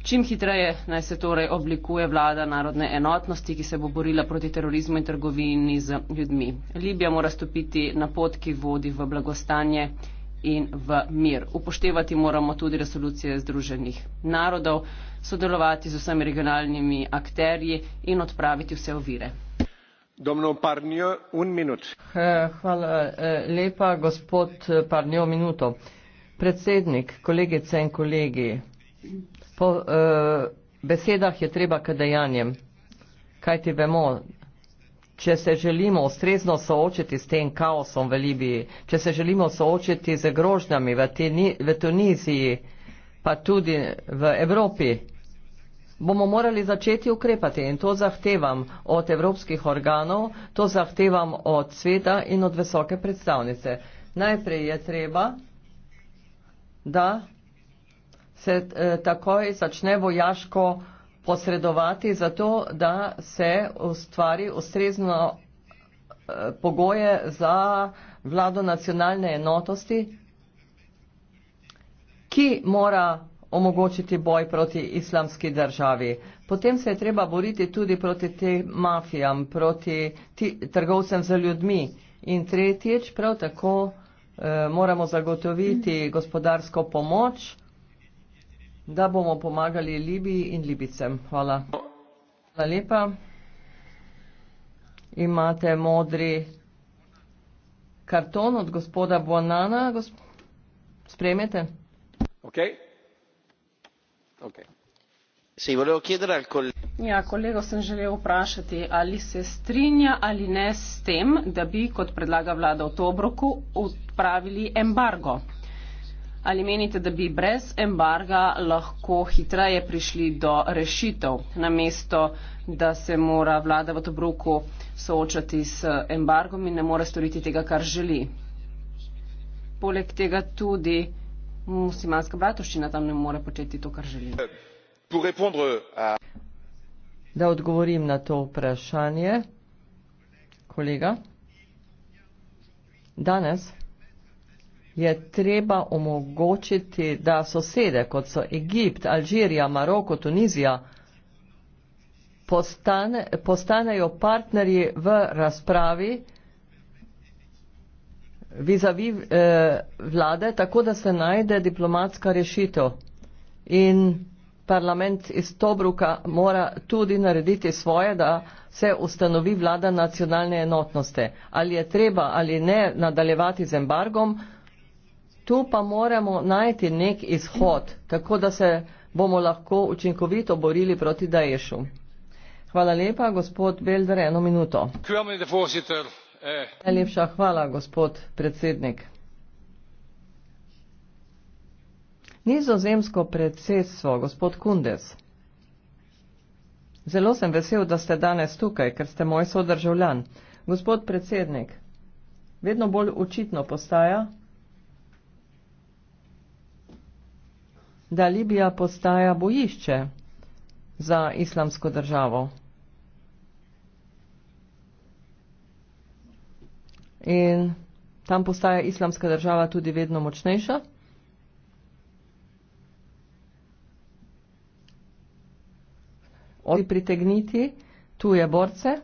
Čim hitreje naj se torej oblikuje vlada narodne enotnosti, ki se bo borila proti terorizmu in trgovini z ljudmi. Libija mora stopiti na pot, ki vodi v blagostanje in v mir. Upoštevati moramo tudi resolucije Združenih narodov, sodelovati z vsemi regionalnimi akterji in odpraviti vse ovire. Domno Parnjo, un minut. Hvala e, lepa, gospod Parnjo, minuto. Predsednik, kolegice in kolegi po uh, besedah je treba k dejanjem, kaj ti vemo, če se želimo ustrezno soočiti s tem kaosom v Libiji, če se želimo soočiti z grožnjami v, v Tuniziji, pa tudi v Evropi, bomo morali začeti ukrepati in to zahtevam od evropskih organov, to zahtevam od sveta in od visoke predstavnice. Najprej je treba, da se eh, takoj začne vojaško posredovati za to, da se ustvari ustrezno eh, pogoje za vlado nacionalne enotosti, ki mora omogočiti boj proti islamski državi. Potem se je treba boriti tudi proti te mafijam, proti ti, trgovcem za ljudmi. In tretjič, prav tako eh, moramo zagotoviti gospodarsko pomoč, da bomo pomagali Libiji in Libicem. Hvala. Hvala lepa. Imate modri karton od gospoda Buonana. Gosp Spremete? Ok. Ok. Ja, kolego sem želel vprašati, ali se strinja ali ne s tem, da bi, kot predlaga vlada v Tobruku, odpravili embargo. Ali menite, da bi brez embarga lahko hitreje prišli do rešitev, namesto da se mora vlada v Tobruku soočati s embargom in ne more storiti tega, kar želi? Poleg tega tudi muslimanska bratovščina tam ne more početi to, kar želi. Da odgovorim na to vprašanje, kolega. Danes je treba omogočiti, da sosede, kot so Egipt, Alžirija, Maroko, Tunizija, postane, postanejo partnerji v razpravi vizavi eh, vlade, tako da se najde diplomatska rešitev. In parlament iz Tobruka mora tudi narediti svoje, da se ustanovi vlada nacionalne enotnosti. Ali je treba ali ne nadaljevati z embargom, Tu pa moramo najti nek izhod, tako da se bomo lahko učinkovito borili proti Daješu. Hvala lepa, gospod Belder, eno minuto. Najlepša hvala, gospod predsednik. Nizozemsko predsedstvo, gospod Kundes. Zelo sem vesel, da ste danes tukaj, ker ste moj sodržavljan. Gospod predsednik, vedno bolj očitno postaja, da Libija postaja bojišče za islamsko državo. In tam postaja islamska država tudi vedno močnejša. Oni pritegniti tuje borce.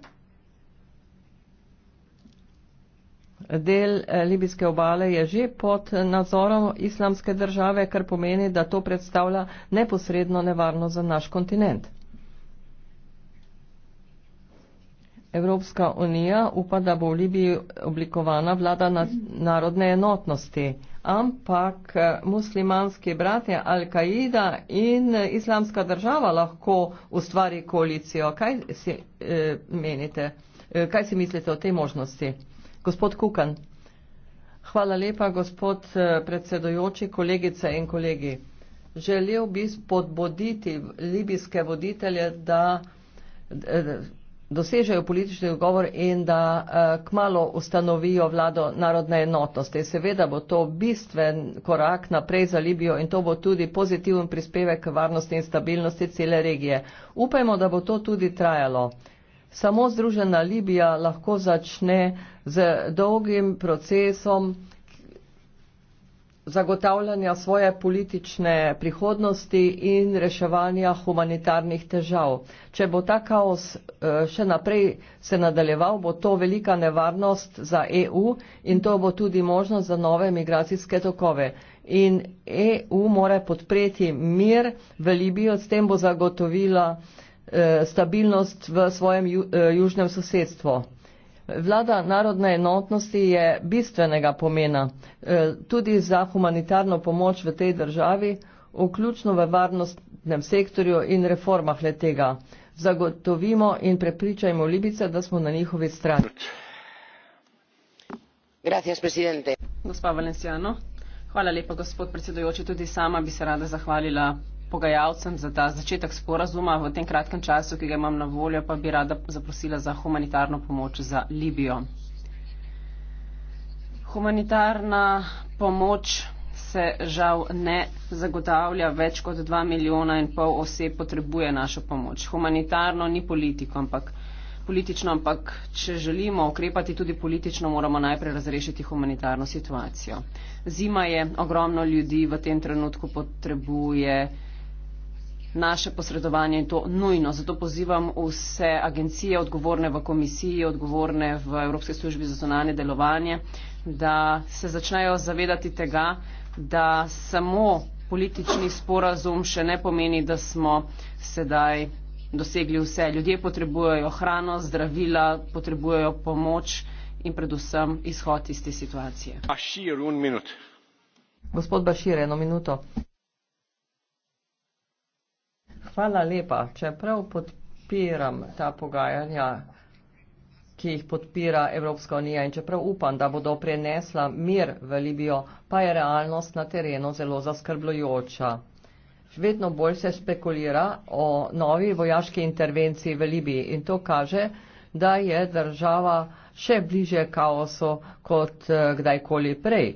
del eh, libijske obale je že pod nadzorom islamske države, kar pomeni, da to predstavlja neposredno nevarno za naš kontinent. Evropska unija upa, da bo v Libiji oblikovana vlada na narodne enotnosti, ampak eh, muslimanski bratje Al-Kaida in eh, islamska država lahko ustvari koalicijo. Kaj si, eh, menite, eh, kaj si mislite o tej možnosti? Gospod Kukan. Hvala lepa, gospod eh, predsedojoči, kolegice in kolegi. Želel bi spodbuditi libijske voditelje, da eh, dosežejo politični dogovor in da eh, kmalo ustanovijo vlado narodne enotnosti. Seveda bo to bistven korak naprej za Libijo in to bo tudi pozitiven prispevek k varnosti in stabilnosti cele regije. Upajmo, da bo to tudi trajalo samo združena Libija lahko začne z dolgim procesom zagotavljanja svoje politične prihodnosti in reševanja humanitarnih težav. Če bo ta kaos eh, še naprej se nadaljeval, bo to velika nevarnost za EU in to bo tudi možnost za nove migracijske tokove. In EU mora podpreti mir v Libijo, s tem bo zagotovila Eh, stabilnost v svojem eh, južnem sosedstvu. Vlada narodne enotnosti je bistvenega pomena eh, tudi za humanitarno pomoč v tej državi, vključno v varnostnem sektorju in reformah letega. Zagotovimo in prepričajmo Libice, da smo na njihovi strani. Gospa Valenciano, hvala lepa, gospod predsedujoči. Tudi sama bi se rada zahvalila pogajalcem za ta začetek sporazuma v tem kratkem času, ki ga imam na voljo, pa bi rada zaprosila za humanitarno pomoč za Libijo. Humanitarna pomoč se žal ne zagotavlja, več kot 2 milijona in pol oseb potrebuje našo pomoč. Humanitarno ni politiko, ampak politično, ampak če želimo ukrepati tudi politično, moramo najprej razrešiti humanitarno situacijo. Zima je, ogromno ljudi v tem trenutku potrebuje naše posredovanje in to nujno. Zato pozivam vse agencije, odgovorne v komisiji, odgovorne v Evropske službi za zonanje delovanje, da se začnejo zavedati tega, da samo politični sporazum še ne pomeni, da smo sedaj dosegli vse. Ljudje potrebujejo hrano, zdravila, potrebujejo pomoč in predvsem izhod iz te situacije. Bašir, en minut. Gospod Bašir, eno minuto. Hvala lepa. Čeprav podpiram ta pogajanja, ki jih podpira Evropska unija in čeprav upam, da bodo prenesla mir v Libijo, pa je realnost na terenu zelo zaskrbljujoča. Vedno bolj se spekulira o novi vojaški intervenciji v Libiji in to kaže, da je država še bliže kaosu kot eh, kdajkoli prej.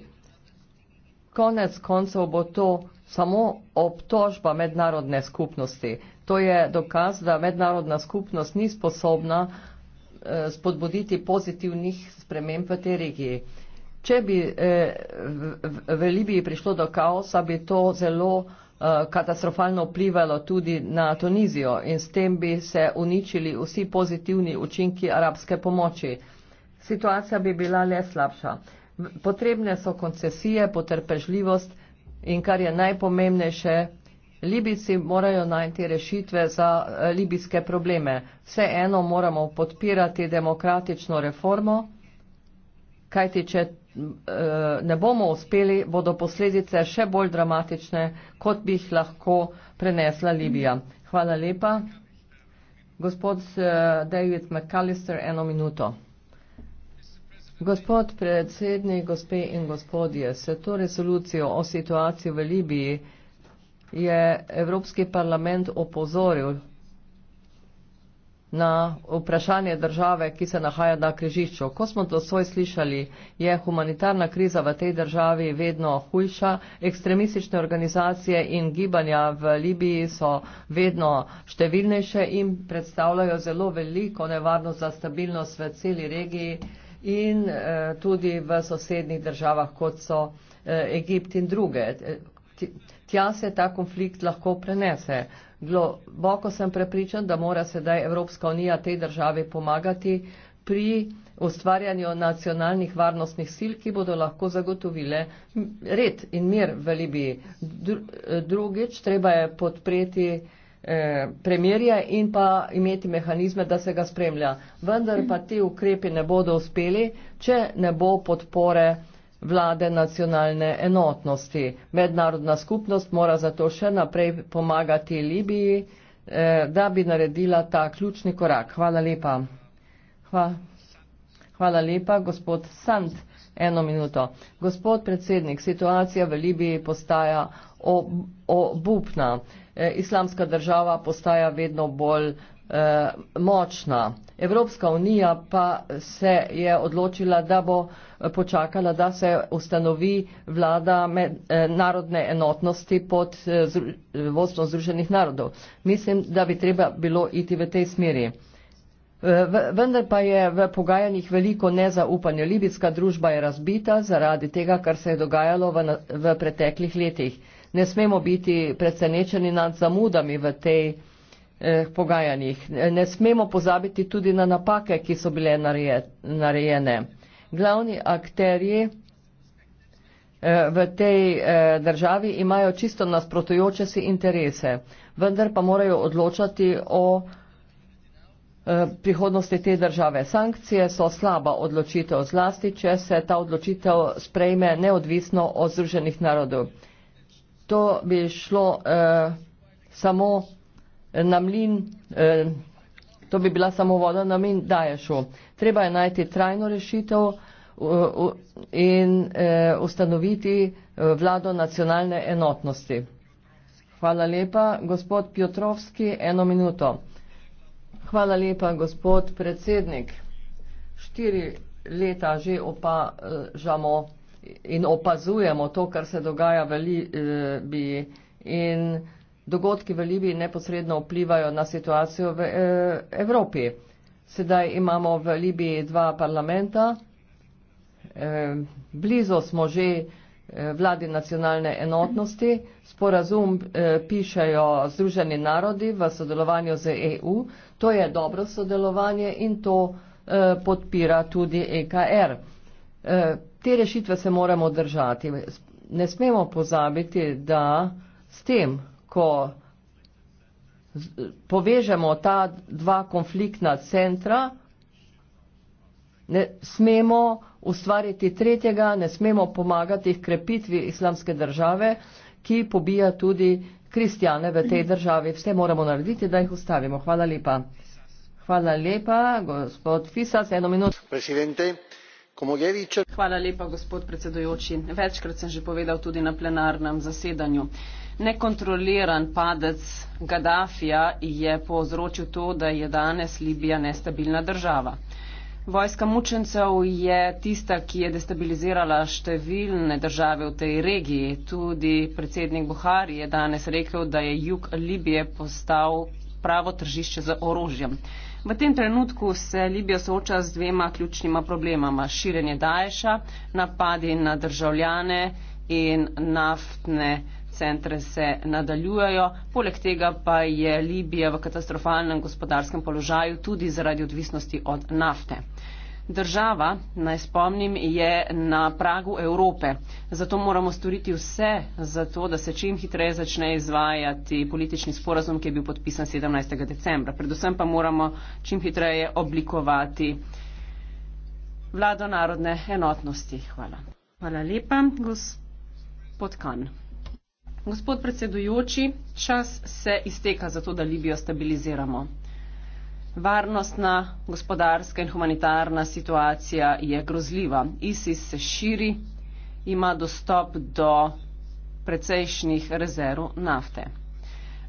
Konec koncev bo to samo obtožba mednarodne skupnosti. To je dokaz, da mednarodna skupnost ni sposobna eh, spodbuditi pozitivnih sprememb v tej regiji. Če bi eh, v Libiji prišlo do kaosa, bi to zelo eh, katastrofalno vplivalo tudi na Tunizijo in s tem bi se uničili vsi pozitivni učinki arabske pomoči. Situacija bi bila le slabša. Potrebne so koncesije, potrpežljivost, in kar je najpomembnejše, Libijci morajo najti rešitve za eh, libijske probleme. Vseeno moramo podpirati demokratično reformo, kajti če eh, ne bomo uspeli, bodo posledice še bolj dramatične, kot bi jih lahko prenesla Libija. Hvala lepa. Gospod eh, David McAllister, eno minuto. Gospod predsednik, gospe in gospodje, se to rezolucijo o situaciji v Libiji je Evropski parlament opozoril na vprašanje države, ki se nahaja na križišču. Ko smo to svoj slišali, je humanitarna kriza v tej državi vedno hujša, ekstremistične organizacije in gibanja v Libiji so vedno številnejše in predstavljajo zelo veliko nevarnost za stabilnost v celi regiji in eh, tudi v sosednjih državah, kot so eh, Egipt in druge. Tja se ta konflikt lahko prenese. Globoko sem prepričan, da mora sedaj Evropska unija tej državi pomagati pri ustvarjanju nacionalnih varnostnih sil, ki bodo lahko zagotovile red in mir v Libiji. Drugič, treba je podpreti uh, Eh, premirje in pa imeti mehanizme, da se ga spremlja. Vendar pa ti ukrepi ne bodo uspeli, če ne bo podpore vlade nacionalne enotnosti. Mednarodna skupnost mora zato še naprej pomagati Libiji, eh, da bi naredila ta ključni korak. Hvala lepa. Hva. Hvala lepa, gospod Sand. Eno minuto. Gospod predsednik, situacija v Libiji postaja obupna. Ob Eh, islamska država postaja vedno bolj eh, močna. Evropska unija pa se je odločila, da bo eh, počakala, da se ustanovi vlada med, narodne enotnosti pod vodstvom Združenih narodov. Mislim, da bi treba bilo iti v tej smeri. Vendar pa je v pogajanjih veliko nezaupanja. Libijska družba je razbita zaradi tega, kar se je dogajalo v, v preteklih letih ne smemo biti presenečeni nad zamudami v tej eh, pogajanjih. Ne smemo pozabiti tudi na napake, ki so bile narejene. Glavni akterji eh, v tej eh, državi imajo čisto nasprotujoče si interese, vendar pa morajo odločati o eh, prihodnosti te države. Sankcije so slaba odločitev, zlasti če se ta odločitev sprejme neodvisno od Združenih narodov to bi šlo eh, samo na mlin, eh, to bi bila samo voda na mlin, da je šlo. Treba je najti trajno rešitev eh, in eh, ustanoviti eh, vlado nacionalne enotnosti. Hvala lepa, gospod Pjotrovski, eno minuto. Hvala lepa, gospod predsednik. Štiri leta že opažamo. Eh, in opazujemo to, kar se dogaja v Libiji. In dogodki v Libiji neposredno vplivajo na situacijo v eh, Evropi. Sedaj imamo v Libiji dva parlamenta. Eh, blizu smo že eh, vladi nacionalne enotnosti. Sporazum pišajo Združeni narodi v sodelovanju z EU. To je dobro sodelovanje in to podpira tudi EKR te rešitve se moramo držati. Ne smemo pozabiti, da s tem, ko povežemo ta dva konfliktna centra, ne smemo ustvariti tretjega, ne smemo pomagati k krepitvi islamske države, ki pobija tudi kristjane v tej državi. Vse moramo narediti, da jih ustavimo. Hvala lepa. Hvala lepa, gospod Fisas. Eno minuto večkrat sem že povedal tudi na plenarnem zasedanju. Nekontroliran padec Gaddafija je povzročil to, da je danes Libija nestabilna država. Vojska mučencev je tista, ki je destabilizirala številne države v tej regiji. Tudi predsednik Buhari je danes rekel, da je jug Libije postal pravo tržišče za orožjem. V tem trenutku se Libija sooča z dvema ključnima problemama. Širenje Daesha, napadi na državljane in naftne centre se nadaljujejo. Poleg tega pa je Libija v katastrofalnem gospodarskem položaju tudi zaradi odvisnosti od nafte. Država, naj spomnim, je na pragu Evrope, zato moramo storiti vse za to, da se čim hitreje začne izvajati politični sporazum, ki je bil podpisan 17. decembra. Predvsem pa moramo čim hitreje oblikovati vlado narodne enotnosti. Hvala. Hvala lepa, gospod Kan. Gospod predsedujoči, čas se izteka za to, da Libijo stabiliziramo. Varnostna, gospodarska in humanitarna situacija je grozljiva. ISIS se širi, ima dostop do precejšnjih rezerv nafte.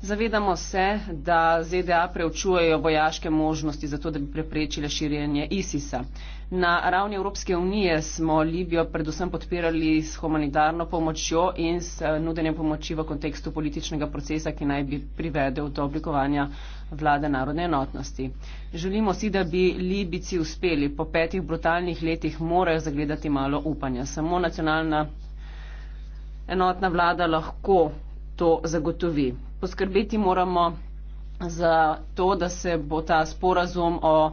Zavedamo se, da ZDA preučujejo vojaške možnosti za to, da bi preprečile širjenje ISIS-a. Na ravni Evropske unije smo Libijo predvsem podpirali s humanitarno pomočjo in s eh, nudenjem pomoči v kontekstu političnega procesa, ki naj bi privedel do oblikovanja vlade narodne enotnosti. Želimo si, da bi Libici uspeli. Po petih brutalnih letih morajo zagledati malo upanja. Samo nacionalna enotna vlada lahko to zagotovi poskrbeti moramo za to, da se bo ta sporazum o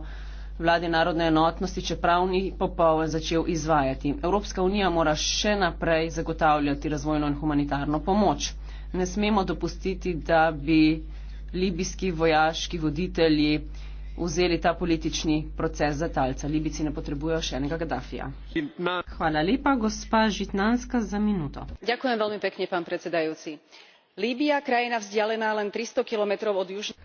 vladi narodne enotnosti, čeprav ni popoln, začel izvajati. Evropska unija mora še naprej zagotavljati razvojno in humanitarno pomoč. Ne smemo dopustiti, da bi libijski vojaški voditelji vzeli ta politični proces za talca. Libici ne potrebujejo še enega Gaddafija. Hvala lepa, gospa Žitnanska, za minuto. Hvala lepa, gospa Žitnanska, za minuto líbija krajina vzdialená len three hundred kilometrov od južného.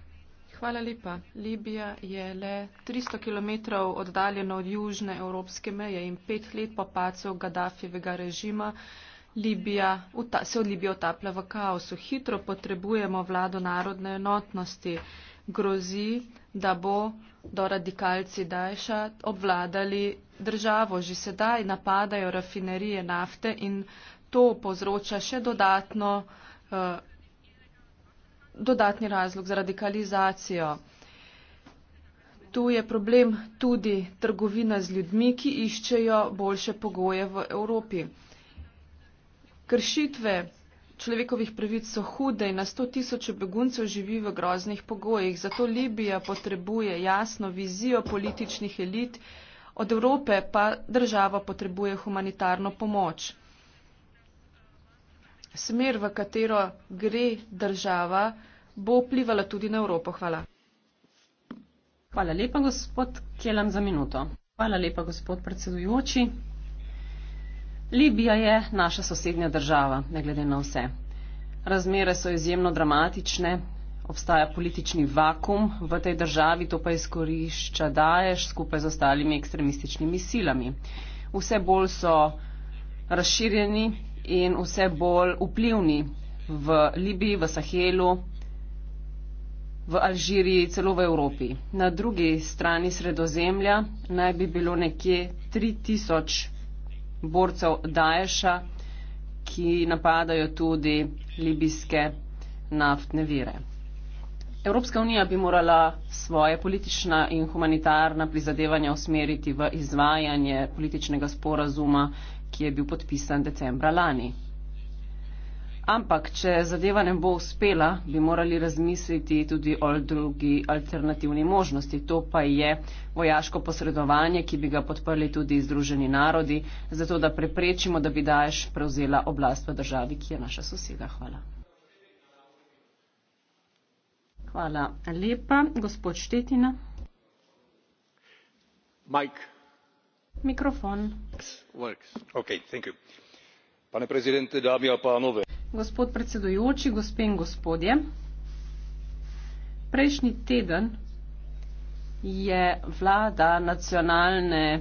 Hvala lepa. Libija je le 300 km oddaljena od južne evropske meje in pet let po pacu Gaddafijevega režima Libija, se od Libije otaplja v kaosu. Hitro potrebujemo vlado narodne enotnosti. Grozi, da bo do radikalci Dajša obvladali državo. Že sedaj napadajo rafinerije nafte in to povzroča še dodatno. Eh, dodatni razlog za radikalizacijo. To je problem tudi trgovina z ljudmi, ki iščejo boljše pogoje v Evropi. Kršitve človekovih pravic so hude in na 100 tisoč beguncev živi v groznih pogojih. Zato Libija potrebuje jasno vizijo političnih elit, od Evrope pa država potrebuje humanitarno pomoč smer, v katero gre država, bo vplivala tudi na Evropo. Hvala. Hvala lepa, gospod Kelan, za minuto. Hvala lepa, gospod predsedujoči. Libija je naša sosednja država, ne glede na vse. Razmere so izjemno dramatične, obstaja politični vakum v tej državi, to pa izkorišča Daješ skupaj z ostalimi ekstremističnimi silami. Vse bolj so razširjeni in vse bolj vplivni v Libiji, v Sahelu, v Alžiriji, celo v Evropi. Na drugi strani sredozemlja naj bi bilo nekje 3000 borcev Daesha, ki napadajo tudi libijske naftne vire. Evropska unija bi morala svoje politična in humanitarna prizadevanja usmeriti v izvajanje političnega sporazuma ki je bil podpisan decembra lani. Ampak, če zadeva ne bo uspela, bi morali razmisliti tudi o drugi alternativni možnosti. To pa je vojaško posredovanje, ki bi ga podprli tudi Združeni narodi, zato da preprečimo, da bi Daesh prevzela oblast v državi, ki je naša soseda. Hvala. Hvala lepa, gospod Štetina. Mike gospod predsedujoči gospe in gospodje prejšnji teden je vlada nacionalne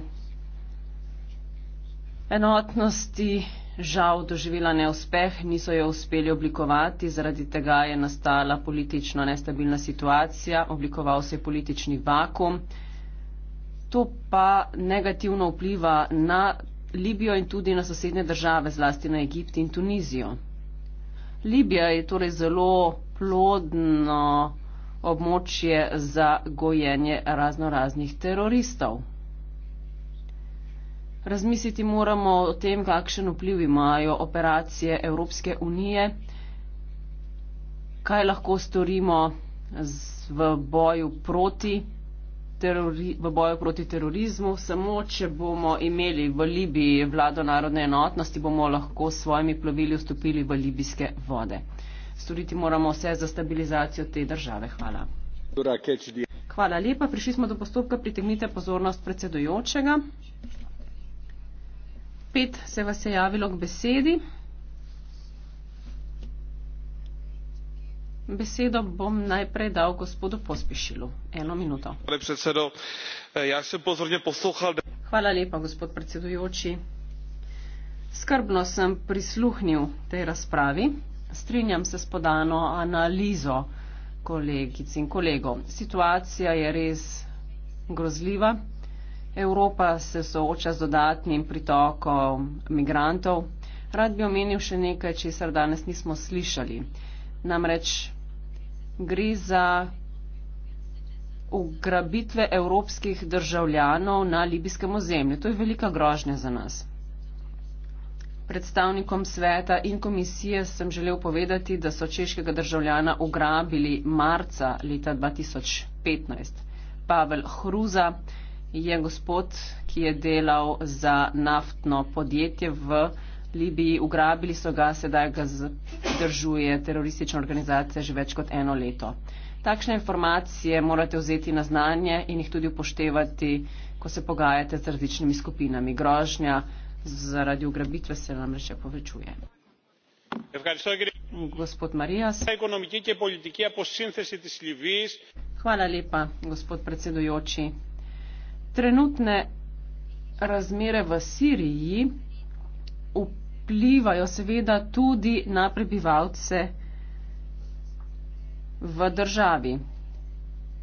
enotnosti žal doživela neuspeh niso jo uspeli oblikovati zaradi tega je nastala politično nestabilna situacija oblikoval se je politični vakuum to pa negativno vpliva na Libijo in tudi na sosednje države, zlasti na Egipt in Tunizijo. Libija je torej zelo plodno območje za gojenje razno raznih teroristov. Razmisliti moramo o tem, kakšen vpliv imajo operacije Evropske unije, kaj lahko storimo v boju proti v boju proti terorizmu. Samo, če bomo imeli v Libiji vlado narodne enotnosti, bomo lahko s svojimi plovili vstopili v libijske vode. Storiti moramo vse za stabilizacijo te države. Hvala. Hvala lepa. Prišli smo do postopka. Pritegnite pozornost predsedujočega. Pet se vas je javilo k besedi. Besedo bom najprej dal gospodu Pospešilu. Eno minuto. Hvala lepa, gospod predsedujoči. Skrbno sem prisluhnil tej razpravi. Strinjam se s podano analizo kolegic in kolegov. Situacija je res grozljiva. Evropa se sooča z dodatnim pritokom migrantov. Rad bi omenil še nekaj, česar danes nismo slišali. Namreč gre za ugrabitve evropskih državljanov na libijskem ozemlju. To je velika grožnja za nas. Predstavnikom sveta in komisije sem želel povedati, da so češkega državljana ugrabili marca leta 2015. Pavel Hruza je gospod, ki je delal za naftno podjetje v Libiji, ugrabili so ga, sedaj ga zdržuje teroristična organizacija že več kot eno leto. Takšne informacije morate vzeti na znanje in jih tudi upoštevati, ko se pogajate z različnimi skupinami. Grožnja zaradi ugrabitve se nam reče povečuje. Gospod Marijas. Hvala lepa, gospod predsedujoči. Trenutne razmere v Siriji vplivajo seveda tudi na prebivalce v državi,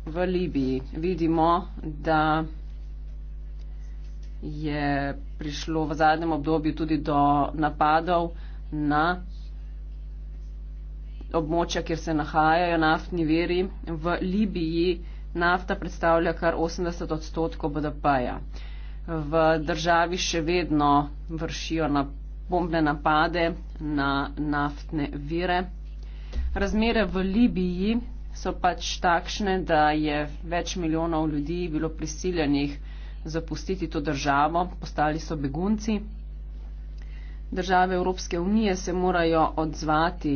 v Libiji. Vidimo, da je prišlo v zadnjem obdobju tudi do napadov na območja, kjer se nahajajo naftni veri. V Libiji nafta predstavlja kar 80 odstotkov BDP-ja. -ja v državi še vedno vršijo na bombne napade na naftne vire. Razmere v Libiji so pač takšne, da je več milijonov ljudi bilo prisiljenih zapustiti to državo, postali so begunci. Države Evropske unije se morajo odzvati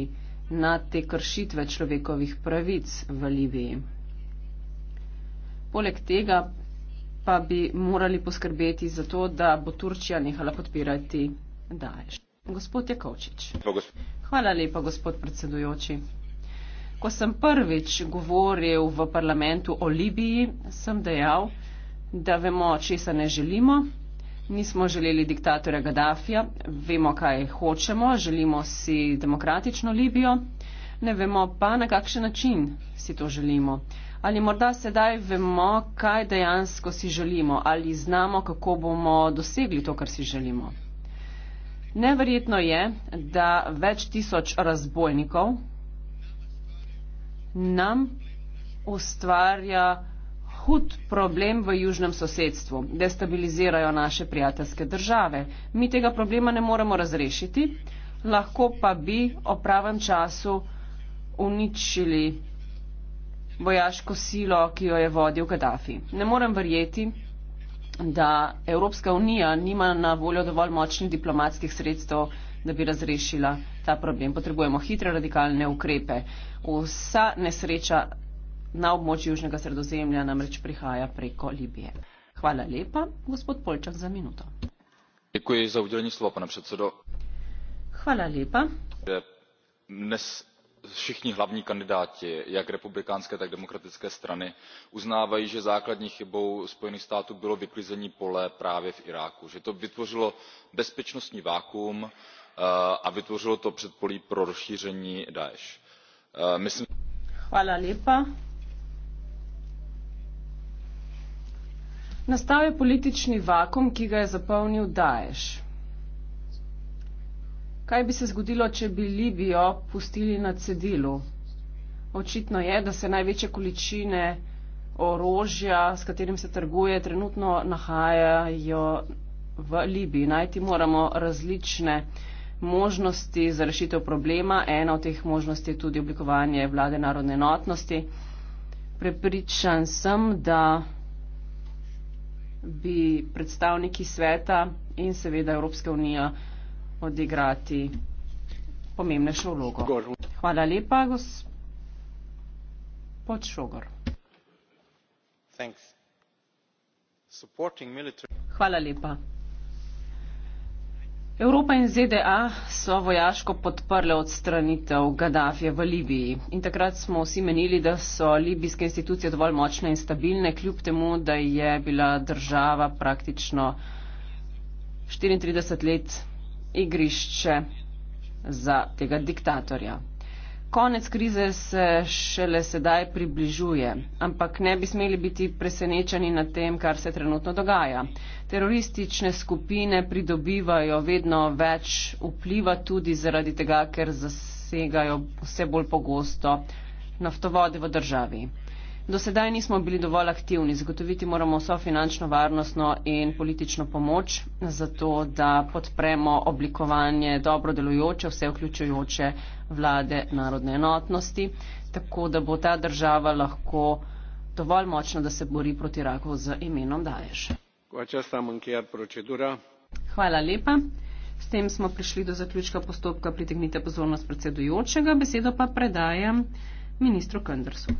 na te kršitve človekovih pravic v Libiji. Poleg tega pa bi morali poskrbeti za to, da bo Turčija nehala podpirati Daješ. Gospod Jakovčič. Hvala lepa, gospod predsedujoči. Ko sem prvič govoril v parlamentu o Libiji, sem dejal, da vemo, česa ne želimo. Nismo želeli diktatorja Gaddafija, vemo, kaj hočemo, želimo si demokratično Libijo, ne vemo pa, na kakšen način si to želimo. Ali morda sedaj vemo, kaj dejansko si želimo, ali znamo, kako bomo dosegli to, kar si želimo? Neverjetno je, da več tisoč razbojnikov nam ustvarja hud problem v južnem sosedstvu, destabilizirajo naše prijateljske države. Mi tega problema ne moremo razrešiti, lahko pa bi o pravem času uničili vojaško silo, ki jo je vodil Gaddafi. Ne morem verjeti, da Evropska unija nima na voljo dovolj močnih diplomatskih sredstev, da bi razrešila ta problem. Potrebujemo hitre radikalne ukrepe. Vsa nesreča na območju Južnega sredozemlja namreč prihaja preko Libije. Hvala lepa, gospod Polčak, za minuto. Hvala lepa. Dnes všichni hlavní kandidáti jak republikánské tak demokratické strany uznávají že základní chybou spojených států bylo vyklizení pole právě v iráku že to vytvořilo bezpečnostní vakuum eh, a vytvořilo to předpolí pro rozšíření daiš. Eh, myslím nastal je politični vakuum ki ga je zapolnil daiš. Kaj bi se zgodilo, če bi Libijo pustili na cedilu? Očitno je, da se največje količine orožja, s katerim se trguje, trenutno nahajajo v Libiji. Najti moramo različne možnosti za rešitev problema. Ena od teh možnosti je tudi oblikovanje vlade narodne enotnosti. Prepričan sem, da bi predstavniki sveta in seveda Evropske unije odigrati pomembnejšo vlogo. Hvala lepa, gospod Šogor. Hvala lepa. Evropa in ZDA so vojaško podprle odstranitev Gaddafija v Libiji. In takrat smo vsi menili, da so libijske institucije dovolj močne in stabilne, kljub temu, da je bila država praktično 34 let igrišče za tega diktatorja. Konec krize se šele sedaj približuje, ampak ne bi smeli biti presenečeni nad tem, kar se trenutno dogaja. Teroristične skupine pridobivajo vedno več vpliva tudi zaradi tega, ker zasegajo vse bolj pogosto naftovode v državi. Do sedaj nismo bili dovolj aktivni. Zagotoviti moramo vso finančno, varnostno in politično pomoč, zato da podpremo oblikovanje dobro delujoče, vse vključujoče vlade narodne enotnosti, tako da bo ta država lahko dovolj močna, da se bori proti raku z imenom Daješ. Hvala lepa. S tem smo prišli do zaključka postopka. Pritegnite pozornost predsedujočega. Besedo pa predajam ministru Kendersu.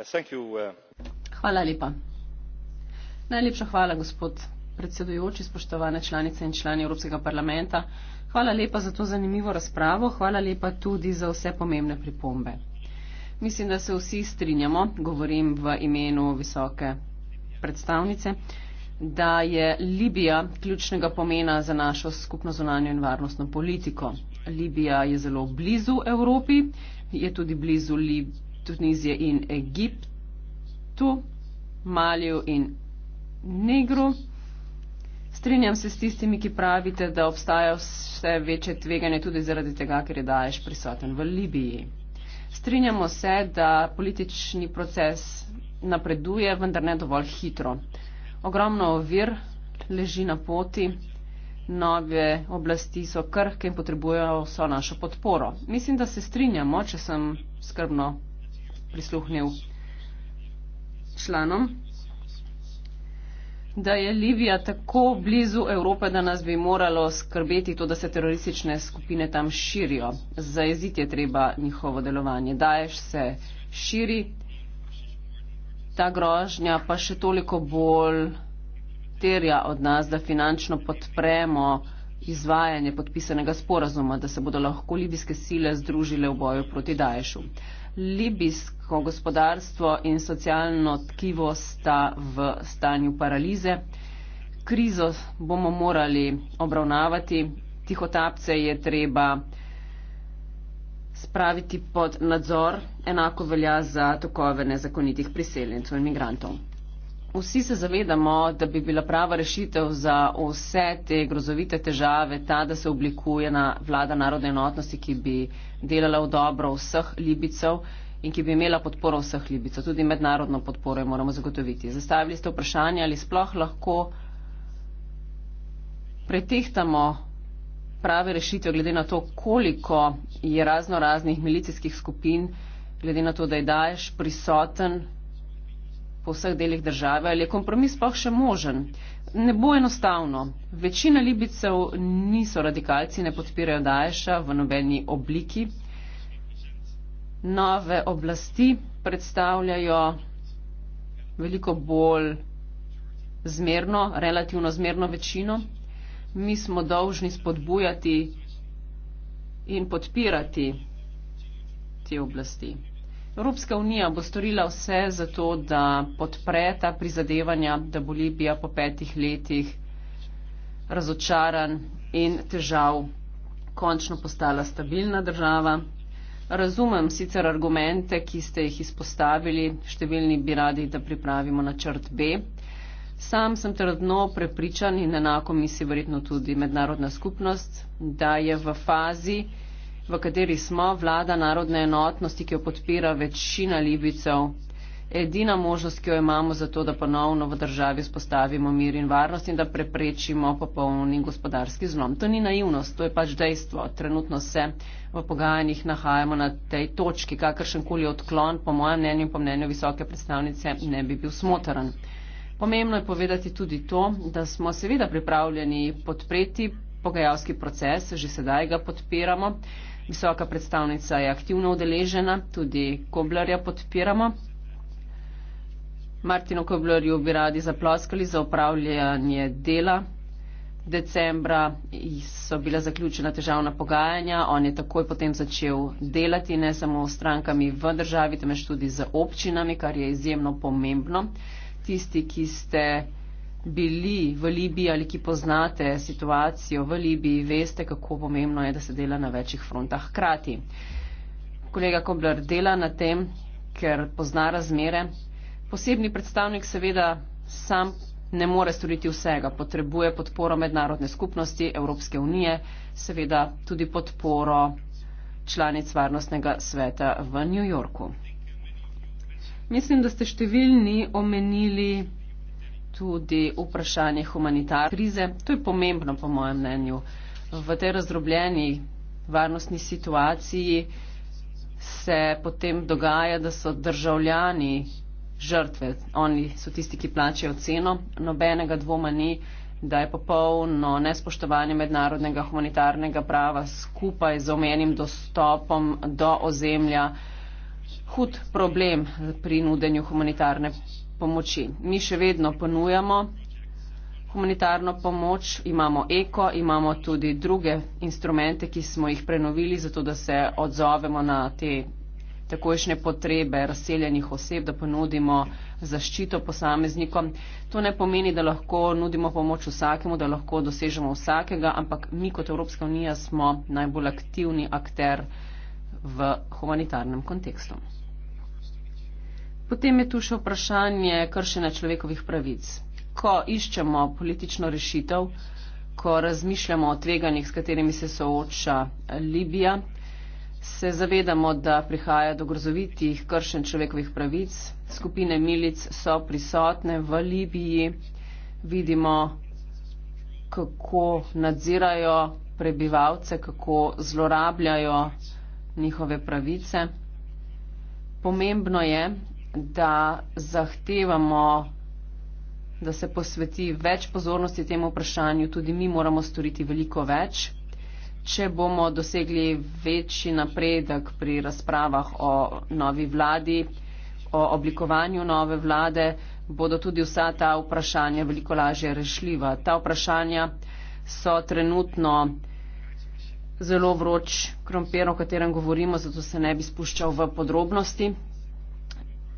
Uh, uh, najlepša hvala gospod predsedujoči spoštovane članice in člani evropskega parlamenta hvala lepa za to zanimivo razpravo hvala lepa tudi za vse pomembne pripombe mislim da se vsi strinjamo govorim v imenu visoke predstavnice da je Libija ključnega pomena za našo skupno zunanjo in varnostno politiko. Libija je zelo blizu Evropi, je tudi blizu Lib Tunizije in Egiptu, Maliju in Negru. Strinjam se s tistimi, ki pravite, da obstaja vse večje tveganje tudi zaradi tega, ker je Daješ prisoten v Libiji. Strinjamo se, da politični proces napreduje, vendar ne dovolj hitro. Ogromno ovir leži na poti, nove oblasti so krhke in potrebujejo vso našo podporo. Mislim, da se strinjamo, če sem skrbno prisluhnil članom, da je Libija tako blizu Evrope, da nas bi moralo skrbeti to, da se teroristične skupine tam širijo. Zajeziti je treba njihovo delovanje. Daješ se širi, ta grožnja pa še toliko bolj terja od nas, da finančno podpremo izvajanje podpisanega sporazuma, da se bodo lahko libijske sile združile v boju proti Daješu. Libijsk ko gospodarstvo in socialno tkivo sta v stanju paralize. Krizo bomo morali obravnavati, tihotapce je treba spraviti pod nadzor, enako velja za tokove nezakonitih priseljencev in migrantov. Vsi se zavedamo, da bi bila prava rešitev za vse te grozovite težave ta, da se oblikuje na vlada narodne enotnosti, ki bi delala v dobro vseh Libicev in ki bi imela podporo vseh Libicov, tudi mednarodno podporo moramo zagotoviti. Zastavili ste vprašanje, ali sploh lahko pretehtamo prave rešitve, glede na to, koliko je razno raznih milicijskih skupin, glede na to, da je Daješ prisoten po vseh delih države, ali je kompromis sploh še možen. Ne bo enostavno. Večina Libicev niso radikalci, ne podpirajo Daješa v nobeni obliki nove oblasti predstavljajo veliko bolj zmerno, relativno zmerno večino. Mi smo dolžni spodbujati in podpirati te oblasti. Evropska unija bo storila vse za to, da podpre ta prizadevanja, da bo Libija po petih letih razočaran in težav končno postala stabilna država. Razumem sicer argumente, ki ste jih izpostavili, številni bi radi, da pripravimo načrt B. Sam sem trdno prepričan in enako misli verjetno tudi mednarodna skupnost, da je v fazi, v kateri smo, vlada narodne enotnosti, ki jo podpira večina Libicev, edina možnost, ki jo imamo za to, da ponovno v državi spostavimo mir in varnost in da preprečimo popolni gospodarski zlom. To ni naivnost, to je pač dejstvo. Trenutno se v pogajanjih nahajamo na tej točki, kakršen koli odklon, po mojem mnenju in po mnenju visoke predstavnice, ne bi bil smotaren. Pomembno je povedati tudi to, da smo seveda pripravljeni podpreti pogajalski proces, že sedaj ga podpiramo. Visoka predstavnica je aktivno udeležena, tudi Koblarja podpiramo. Martinu Koblerju bi radi zaploskali za upravljanje dela. Decembra so bila zaključena težavna pogajanja, on je takoj potem začel delati ne samo s strankami v državi, temveč tudi z občinami, kar je izjemno pomembno. Tisti, ki ste bili v Libiji ali ki poznate situacijo v Libiji, veste, kako pomembno je, da se dela na večjih frontah hkrati. Kolega Kobler dela na tem, ker pozna razmere, Posebni predstavnik seveda sam ne more storiti vsega, potrebuje podporo mednarodne skupnosti Evropske unije, seveda tudi podporo članic varnostnega sveta v New Yorku. Mislim, da ste številni omenili tudi vprašanje humanitarne krize. To je pomembno, po mojem mnenju. V tej razdrobljeni varnostni situaciji se potem dogaja, da so državljani žrtve. Oni so tisti, ki plačajo ceno. Nobenega dvoma ni, da je popolno nespoštovanje mednarodnega humanitarnega prava skupaj z omenim dostopom do ozemlja hud problem pri nudenju humanitarne pomoči. Mi še vedno ponujamo humanitarno pomoč, imamo eko, imamo tudi druge instrumente, ki smo jih prenovili, zato da se odzovemo na te takojšnje potrebe razseljenih oseb, da ponudimo zaščito posameznikom. To ne pomeni, da lahko nudimo pomoč vsakemu, da lahko dosežemo vsakega, ampak mi kot Evropska unija smo najbolj aktivni akter v humanitarnem kontekstu. Potem je tu še vprašanje kršene človekovih pravic. Ko iščemo politično rešitev, ko razmišljamo o tveganjih, s katerimi se sooča Libija, Se zavedamo, da prihaja do grozovitih kršen človekovih pravic. Skupine milic so prisotne v Libiji. Vidimo, kako nadzirajo prebivalce, kako zlorabljajo njihove pravice. Pomembno je, da zahtevamo, da se posveti več pozornosti temu vprašanju. Tudi mi moramo storiti veliko več če bomo dosegli večji napredek pri razpravah o novi vladi, o oblikovanju nove vlade, bodo tudi vsa ta vprašanja veliko lažje rešljiva. Ta vprašanja so trenutno zelo vroč krompir, o katerem govorimo, zato se ne bi spuščal v podrobnosti.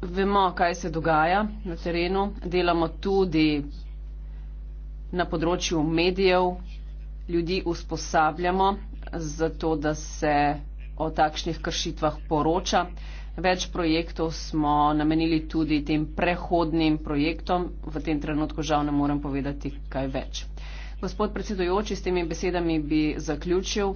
Vemo, kaj se dogaja na terenu. Delamo tudi na področju medijev, ljudi usposabljamo za to, da se o takšnih kršitvah poroča. Več projektov smo namenili tudi tem prehodnim projektom. V tem trenutku žal ne morem povedati kaj več. Gospod predsedujoči, s temi besedami bi zaključil.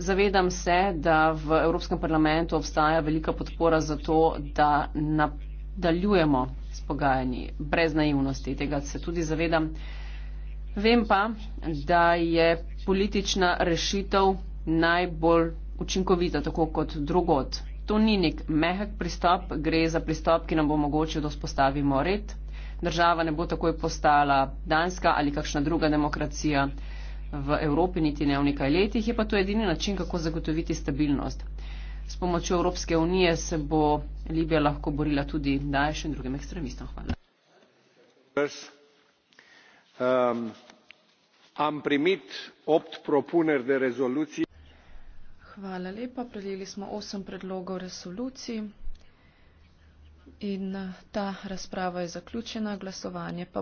Zavedam se, da v Evropskem parlamentu obstaja velika podpora za to, da nadaljujemo s pogajanji brez naivnosti. Tega se tudi zavedam. Vem pa, da je politična rešitev najbolj učinkovita, tako kot drugot. To ni nek mehak pristop, gre za pristop, ki nam bo omogočil, da spostavimo red. Država ne bo takoj postala Danska ali kakšna druga demokracija v Evropi, niti ne v nekaj letih, je pa to edini način, kako zagotoviti stabilnost. S pomočjo Evropske unije se bo Libija lahko borila tudi daješ in drugim ekstremistom. Hvala. Hvala. Um, hvala lepa prejeli smo osem predlogov resolucij in ta razprava je zaključena glasovanje pa bo v sredo.